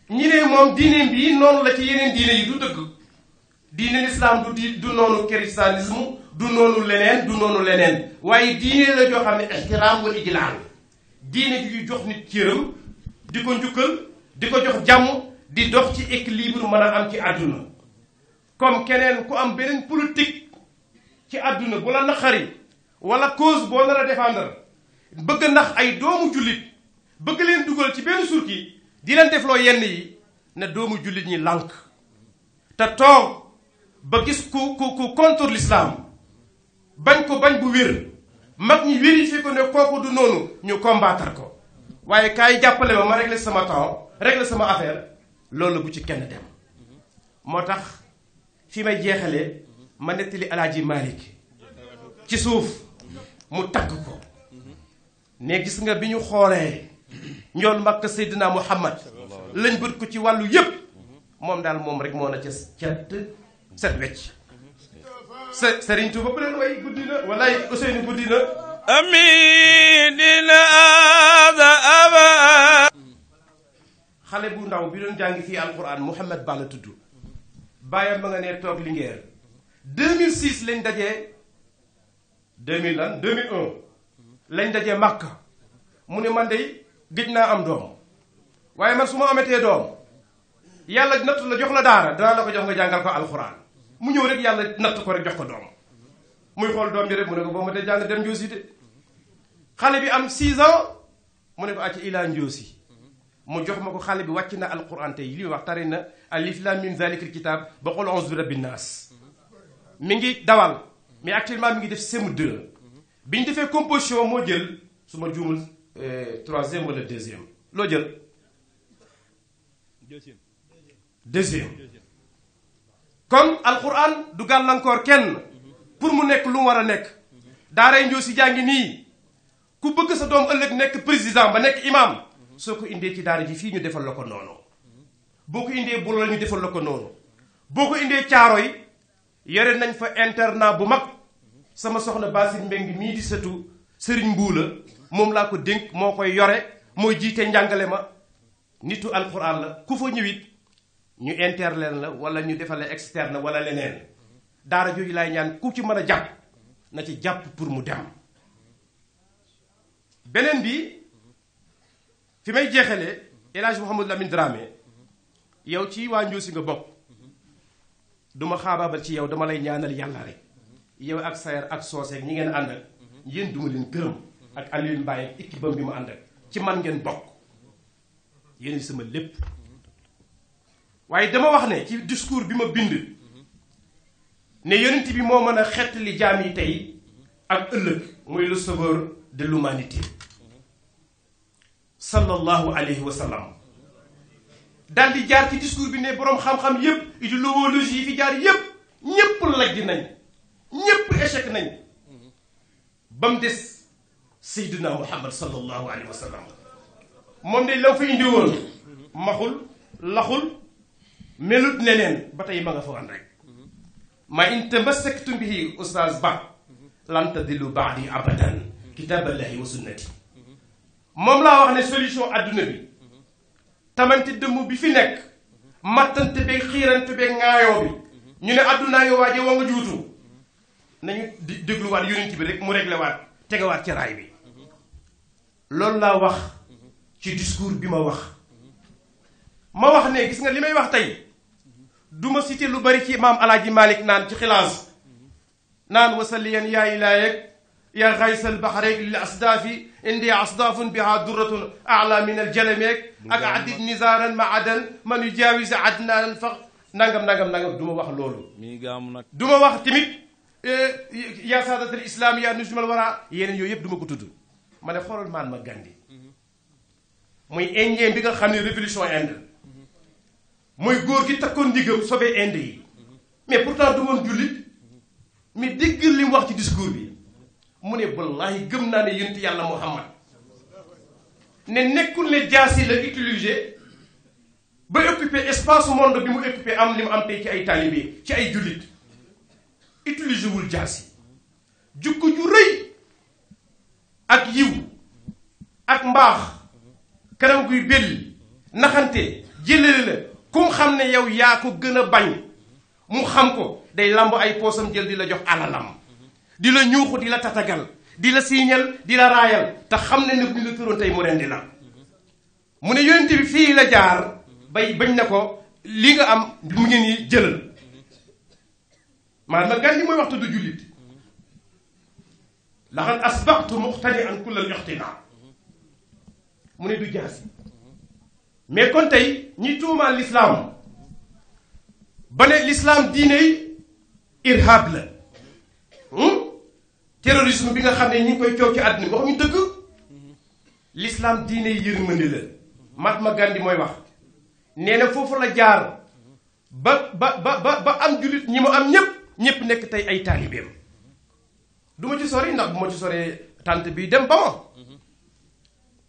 ñi moom diine bii noonu la ci yeneen diine yi du dëgg diine lislaam du di du noonu christianisme du noonu leneen du noonu leneen waaye diine la joo xam ne ixtiraam wal ijlaal diine ju jox nit cëram di ko njukkal di ko jox jàmm di dox ci équilibre mën a am ci àdduna comme keneen ku am beneen politique ci àdduna bu la naqari wala cause boo nar a défendre bëgg ndax ay doomu jullit bëgg leen dugal ci benn surki di leen defloo yenn yi ne doomu jullit ñi lànk te toog ba gis ku ku ku contre l'islam bañ ko bañ bu wér mag ñi vérifié ko ne kooku du noonu ñu combattre ko waaye kaay jàppale ma ma régler sama temps régler sama affaire loolu bu ci kenn dem moo tax fi may jeexalee ma nettali alaaji Malick ci suuf mu tagg ko ne gis nga bi ñu xoolee njool mbàkk Seydina Muhammad lañ bët ko ci wàllu yépp moom daal moom rek moo na ca cet set wecc se Serigne Touba bu leen way guddi na walaay Ousseynou guddi na amin dina ada aba xale bu ndaw bi doon jàngi fii alquran Mouhamed Balla tudd bàyyam ma nga ne toog Linguère 2006 lañ dajee 2000 lan 2001 lañ dajee màkk mu ne man de gëj naa am doom waaye man su ma amatee doom yàlla nattu la jox la daara danaa la ko jox nga jàngal ko alxuraan mu ñëw rek yàlla natt ko rek jox ko doom muy xool doom bi rek mu ne ko boo ma dee jàng dem Ndiossi de xale bi am 6 ans mu ne ko acca ilaa Ndiossi mu jox ma ko xale bi wàcc na alxuraan tey li wax tari na alif lam mim zalikal kitab ba xool onze mi ngi dawal mais actuellement mi ngi def CM2 bi ñu defee composition moo jël su ma juumul euh, troisième wala deuxième loo jël deuxième kon alquran du gàllankoor kenn pour mu nekk lu mu war a nekk daaray njoo si jàngi nii ku bëgg sa doom ëllëg nekk président ba nekk imaam soo ko indee ci daara ji fii ñu defal la ko noonu boo ko indee bolo ñu defal la ko noonu boo ko indee caaro yi yore nañ fa internat bu mag sama soxna Basine Mbengue mii di sëtu Serigne Mbuula moom laa ko dénk moo koy yore mooy jiite njàngale ma nitu alxuraan la ku fa ñëwit ñu interne la wala ñu defale externe wala leneen daara jooju laay ñaan ku ci mën a jàpp na ci jàpp pour mu dem beneen bi fi may jeexale El Hadj Mouhamadou Lamine Dramé yow ci waa Ndiossi nga bokk duma ma xaabaabal ci yow dama lay ñaanal yàlla rek yow ak Sayer ak Socé ñi ngeen ànd ak duma leen gërëm ak Alioune Mbaye ak équipe bi mu ànd ci man ngeen bokk yéen sama lépp. waaye dama wax ne ci discours bi ma bind ne yonent bi moo mën a xettali jaam yi tey ak ëllëg muy le sauveur de l'humanité sallallahu alayhi wa daal di jaar ci discours bi ne boroom xam-xam yépp idéologie yi fi jaar yépp ñépp lajj nañ ñépp échec nañ bam des sayduna muhammad sallallahu alayhi wa sallam moom day law fa indi woon maxul laxul melut ne leen ba tey ma nga fa wan rek ma in tamassaktum bihi oustaz ba lan tadillu baadi abadan kitaaballahi wa sunnati moom laa wax ne solution adduna bi tamante dëmm bi fi nekk mattante beeg xiirante beeg ŋaayoo bi ñu ne àddunaa ngi waaje wa juutu nañu di dégluwaat yonent bi rek mu réglé waat tegewaat ci raay bi loolu laa wax ci discours bi ma wax ma wax ne gis nga li may wax tey duma ma lu bari ci maam alaaji Malick naan ci xilaas naan wasaliyan yaa ilaa yeeg yaa xaysal baxrayk lil asdaafi indi asdaafun biha a ala min al jalameek ak addit nizaaran ma adan man yu jaawise adnaanan fax nangam nangam nangam du ma wax loolu mi gaamu nag du ma wax tamit yaa saadatal islam yaa nujmal wara yeneen yooyu yëpp du ma ko tudd ma ne ma gandi muy indien bi nga xam ne révolution inde muy góor gi takkoon ndiggam sobee inde yi mais pourtant du woon jullit mais dégg li mu wax ci discours bi mu ne wallahi gëm naa ne yonent yàlla Muhammad ne nekkul ne si la utiliser ba occuper espace monde bi mu occuper am li mu am tey ci ay taalibe ci ay jullit utiliser wul jaasi jukko ju rëy ak yiw ak mbaax kanam guy belli naxante jëlale la kum xam ne yow yaa ko gën a bañ mu xam ko day làmb ay poosam jël di la jox alalam di la ñuuxu di la tatagal di la siiñal di la raayal te xam ne ni ñu la turoon tey mu rendi la mu ne yonent bi fii la jaar ba bañ na ko li nga am mu ngi nii jëlal maanaam gan gi mooy waxtu du jullit laxat asbaxtu muxtani an kullal ixtina mu ne du jaasi mais kon tey ñi tuumaal lislaam ba ne lislaam diiney irhab la hmm? terrorisme bi nga xam ne ñu ngi koy coow ci àddina bi wax ñu dëgg mm-hmm. l'islam diine yërmande la ma Mahatma Gandhi mooy wax nee na foofu la jaar mm-hmm. ba ba ba ba am jullit ñi mu am ñépp ñépp nekk tey ay taalibeem mm-hmm. du ma ci sori ndax bu ma ci soree tante bii dem ba ma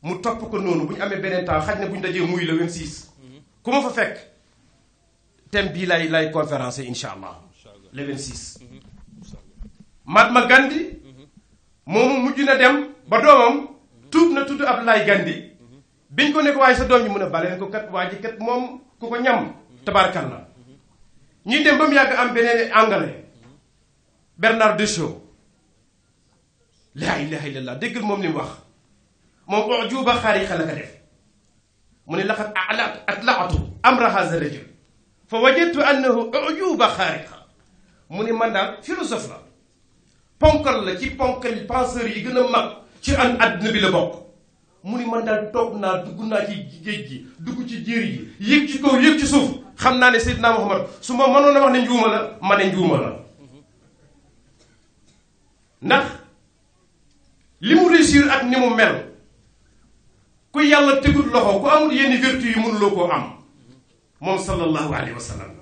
mu topp ko noonu bu ñu amee beneen temps xaj na bu ñu dajee muy le 26 ku ma fa fekk thème bii lay lay conférence insha allah le 26 Mahatma Gandhi moomu mujj na dem ba doomam tuub na tudd Abdoulaye Gandhi biñ ko nekk waaye sa doom ñu mën a baleen ko kat waa ji moom ku ko ñam tabaarkal la ñuy dem ba mu yàgg am beneen anglais Bernard de Shaw laa ilaha illallah déggal moom li mu wax moom wax juuba la ko def mu ne laqad atlaqtu amra haza rajul fa wajadtu annahu ujuba xaariqa mu ne man daal philosophe la ponkal la ci ponkal penseur yi gën a mag ci an àdduna bi la bokk mu ni man daal toog naa dugg naa ci géej gi dugg ci jéer yi yëg ci kaw yëg ci suuf xam naa ne Seydina Muhammad su ma mënoon a wax ne njuuma la ma ne njuuma la ndax li mu réussir ak ni mu mel ku yàlla tegul loxo ku amul yenn vertu yi mënuloo koo am moom sallallahu alayhi wa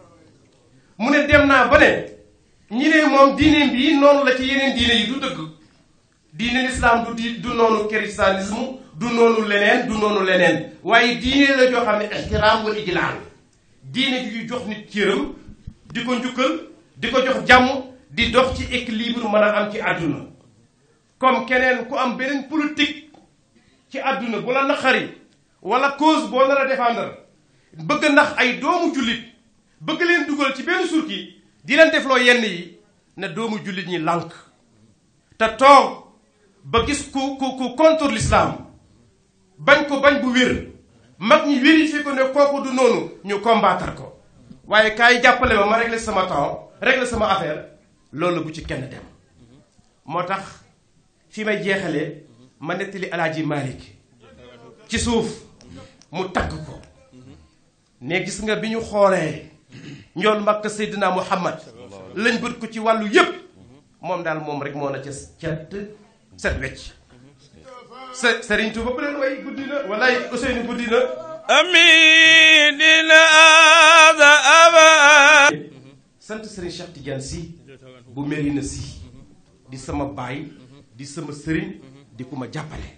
mu ne dem naa ba ne ñi ne moom diine bi noonu la ci yeneen diine yi du dëgg diine lislaam du di du noonu christianisme du noonu leneen du noonu leneen waaye diine la joo xam ne ixtiraam wal ijlaal diine di jox nit cëram di ko njukkal di ko jox jàmm di dox ci équilibre mën a am ci àdduna comme keneen ku am beneen politique ci àdduna bu la naqari wala cause boo nar a défendre bëgg ndax ay doomu jullit bëgg leen dugal ci benn surki di leen defloo yenn yi ne doomu jullit ñi lànk te toog ba gis ku ku ku contre l'islam bañ ko bañ bu wér mag ñi vérifié ko ne kooku du noonu ñu combattre ko waaye kaay jàppale ma ma régler sama temps régler sama affaire loolu bu ci kenn dem moo tax fi may jeexalee ma nettali alaaji Malick ci suuf mu tagg ko ne gis nga bi ñu xoolee njool mbàkk Seydina Muhammad lañ bët ko ci wàllu yépp moom daal moom rek moo na ca cet set wecc se Serigne Touba bu leen way guddi na walaay Ousseynou guddi na amin dina ada aba sant Serigne Cheikh Tidiane Sy bu Mérina Sy di sama baay di sama sëriñ di ku ma jàppale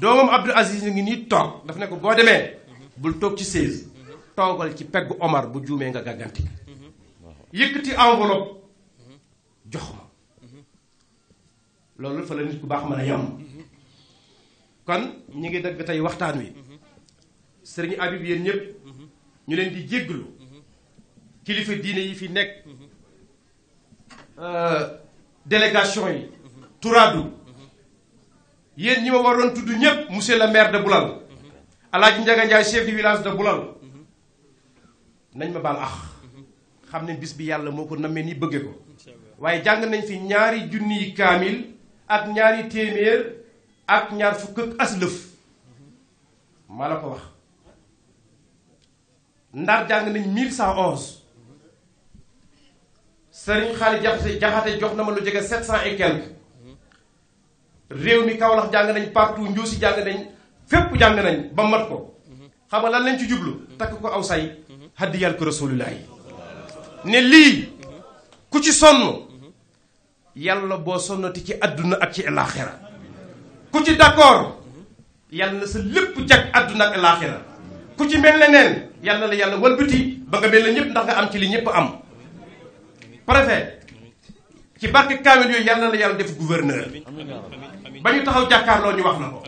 doomam Abdou Aziz ngi nii toog daf ne ko boo demee bul toog ci 16 toogal ci peggu Omar bu juumee nga gàgganti yëkkati enveloppe jox ma loolu fa la nit ku baax mën a yomb kon ñu ngi dëgg tey waxtaan wi sëriñ Habib yéen ñëpp ñu leen di jégglu kilifa diine yi fi nekk euh, délégation yi turaadu yéen ñi ma waroon tudd ñëpp monsieur le maire de Boulal Alaaji Njaga chef du village de Boulal nañ ma baal ax mhm. xam ne bis bi yàlla moo ko nammee ni bëgge ko waaye jàng nañ fi ñaari junni yi kaamil ak ñaari téeméer ak ñaar fukk ak aslëf mhm. maa la ko wax ndar jàng nañ 1111 mhm. sëriñ xaali jaxate jaxate jox na ma lu jege 700 et quelque réew mi Kaolack jàng nañ partout Ndiossi jàng nañ fépp jàng nañ ba mat ko xam nga lan lañ ci jublu takk ko aw say haddiyal ko rasulullahi ne lii ku ci sonn yàlla boo sonn sonnati ci àdduna ak ci alaaxira ku ci d'accord yàlla na sa lépp jag àdduna ak alaaxira ku ci mel neneen yàlla la yàlla walbati ba nga mel ne ñëpp ndax nga am ci lii ñëpp am préfet ci barke kaamil yooyu yàlla la yàlla def gouverneur ba ñu taxaw jàkkaarloo ñu wax na ko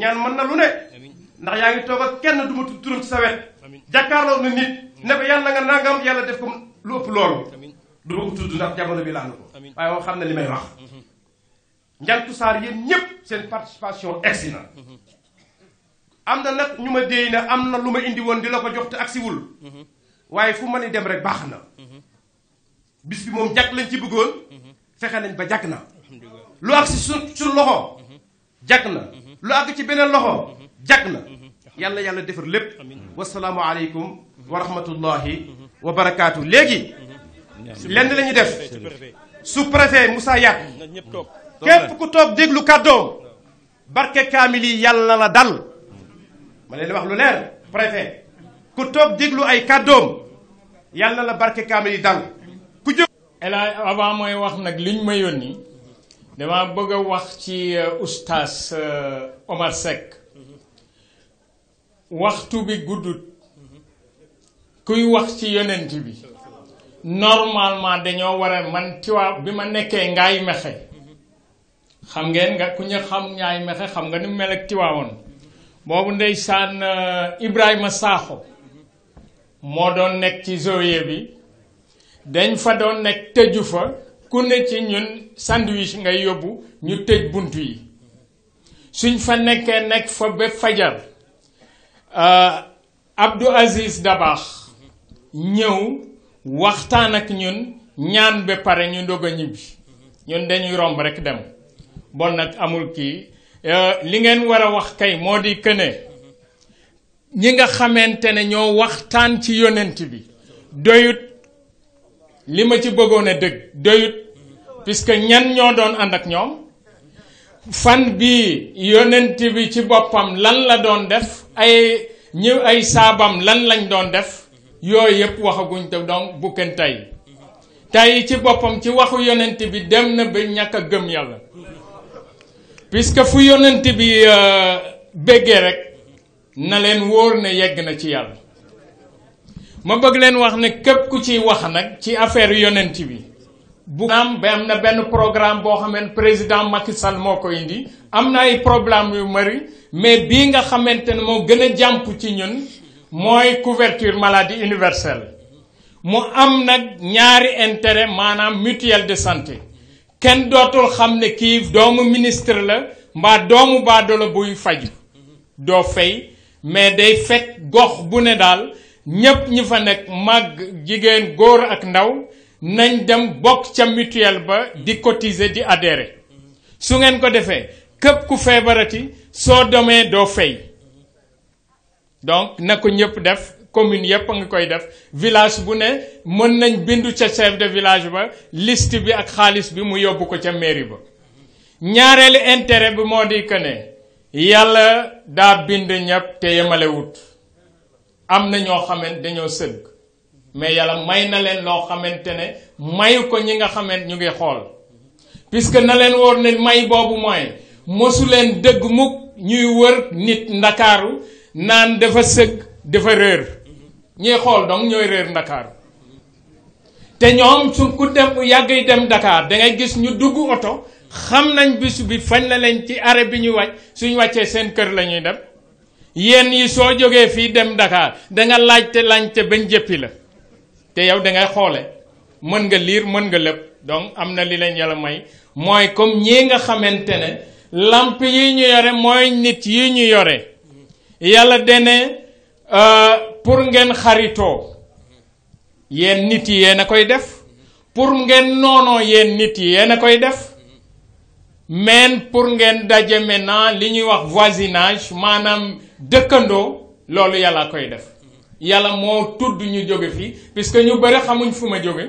ñaan mën na lu ne ndax yaa ngi toog ak kenn du ma tudd turam ci sa wet jàkkaarloo na nit ne ko yàlla nga nangam yàlla def ko lu ëpp loolu du ma ko tudd ndax jamono bi laal ko waaye moom xam na li may wax mhm. njaltu saar yéen ñépp seen participation egsi na mhm. am na nag ñu ma déey na am na lu ma indi woon di la ko jox te agsiwul mhm. waaye fu mën a dem rek baax na bis bi moom jàkk lañ ci bëggoon fexe nañ ba jàkk na lu agsi su suñ loxo jàkk na lu àgg ci beneen loxo jàkk na yàlla yàlla defar lépp wasalaamu aleykum wa rahmatullahi wa barakaatu léegi lenn la ñu def sous préfet Moussa Yat képp ku toog déglu kàddoom barke kaamil yi yàlla la dal ma leen wax lu leer préfet ku toog déglu ay kàddoom yàlla la barke kaamil yi dal ku jóg elaa avant mooy wax nag liñ ma yónni dama bëgg a wax ci euh, oustaz euh, Omar Seck waxtu bi gudd kuy wax ci yonent bi normalement dañoo war a man tiwaa bi ma nekkee ngaay mexe xam ngeen nga ku ñu xam ñaay mexe xam nga ni mu mel ak tiwaawoon boobu ndeysaan euh, Ibrahima saaxo moo doon nekk ci zoye bi dañ fa doon nekk tëju fa ku ne ci ñun sandwich ngay yóbbu ñu tëj bunt yi suñ fa nekkee nekk fa ba fajar Euh, Abdou Aziz Dabaax ñëw waxtaan ak ñun ñaan ba pare ñu ndog ñibbi ñun dañuy romb rek dem bon nag amul kii euh, li ngeen war a wax kay moo di këne ñi nga xamante ne ñoo waxtaan ci yonent bi doyut li ma ci bëggoon a dëgg doyut puisque ñan ñoo doon ànd ak ñoom fan bii yonent bi ci boppam lan la doon def ay ñëw ay saabam lan lañ doon def yooyu yëpp waxaguñ te donc bukken tey tey ci boppam ci waxu yonent bi dem na ba ñàkk a gëm yàlla puisque fu yonent bi euh, béggee rek na leen wóor ne yegg na ci yàlla ma bëgg leen wax ne képp ku ci wax nag ci affaire yonent bi bu am benn programme boo xamante président Macky Sall moo ko indi am na ay problème yu mari mais bi nga xamante ne moo gën a jàmp ci ñun mooy couverture maladie universelle mu am nag ñaari intérêt maanaam mutuelle de santé kenn dootul xam ne kii doomu ministre la mbaa doomu baadola buy faju doo fay mais day fekk gox bu ne daal ñépp ñi fa nekk mag jigéen góor ak ndaw nañ dem bokk ca mutuelle ba di cotiser di adhérer su ngeen ko defee képp ku feebarati soo doomee doo fay donc na ko ñëpp def commune yëpp nga koy def village bu ne mën nañ bindu ca chef de village ba list bi ak xaalis bi mu yóbbu ko ca mairie ba ñaareelu intérêt bi moo di que ne yàlla daa bind ñëpp te yemalewut am na ñoo xamante dañoo sëgg mais yàlla may na leen loo xamante ne mayu ko ñi nga xamante ñu ngi xool puisque na leen wóor ne may boobu mooy mosu leen dëgg mukk ñuy wër nit ndakaaru naan dafa sëgg dafa réer ñuy xool donc ñooy réer ndakaaru te ñoom su ku dem yàgg dem ndakaar da ngay gis ñu dugg oto xam nañ bis bi fañ la leen ci arrêt bi ñu wàcc suñ wàccee seen kër lañuy dem yenn yi soo jógee fii dem Dakar da nga laajte laajte bañ jëppi la. te yow da xoole mën nga liir mën nga lépp donc am na li leen yàlla may mooy comme ñii nga xamante ne lamp yi ñu yore mooy nit yi ñu yore yàlla dene euh, pour ngeen xaritoo yéen nit yi yéen a koy def pour ngeen noonoo yéen nit yi yéen a koy def mais pour ngeen daje maintenant li ñuy wax voisinage maanaam dëkkandoo loolu yàlla koy def yàlla moo tudd ñu jóge fii puisque ñu bëri xamuñ fu ma jóge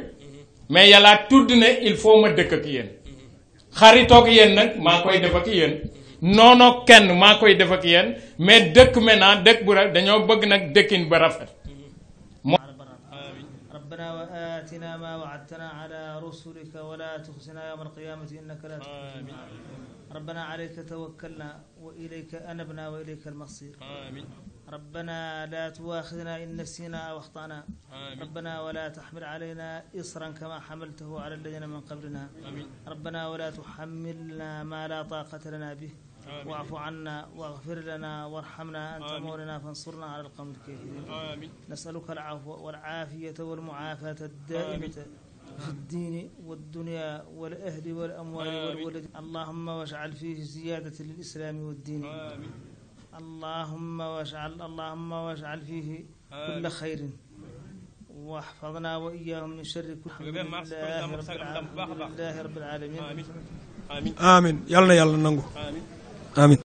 mais yàlla tudd ne il faut ma dëkk ak yéen xaritoog yéen nag maa koy def ak yéen noonoo kenn maa koy def ak yéen mais dëkk maintenant dëkk bu rafet dañoo bëgg nag dëkkin ba rafet ربنا وآتنا ما وعدتنا على رسلك ولا تخزنا يوم القيامة إنك لا تخلف ربنا عليك توكلنا وإليك ربنا لا تواخذنا إن نسينا أو أخطأنا ربنا ولا تحمل علينا إصرا كما حملته على الذين من قبلنا آمين. ربنا ولا تحملنا ما لا طاقة لنا به واعف عنا واغفر لنا وارحمنا أنت مولنا فانصرنا على القوم الكافرين نسألك العفو والعافية والمعافاة الدائمة في الدين والدنيا والأهل والأموال والولد اللهم واجعل فيه زيادة للإسلام والدين آمين. allahuma wajal allahuma wajal fiihi kulla xayrin waxfadna wa iyaahum min sharri kulli amiin yàlla na yàlla nangu amiin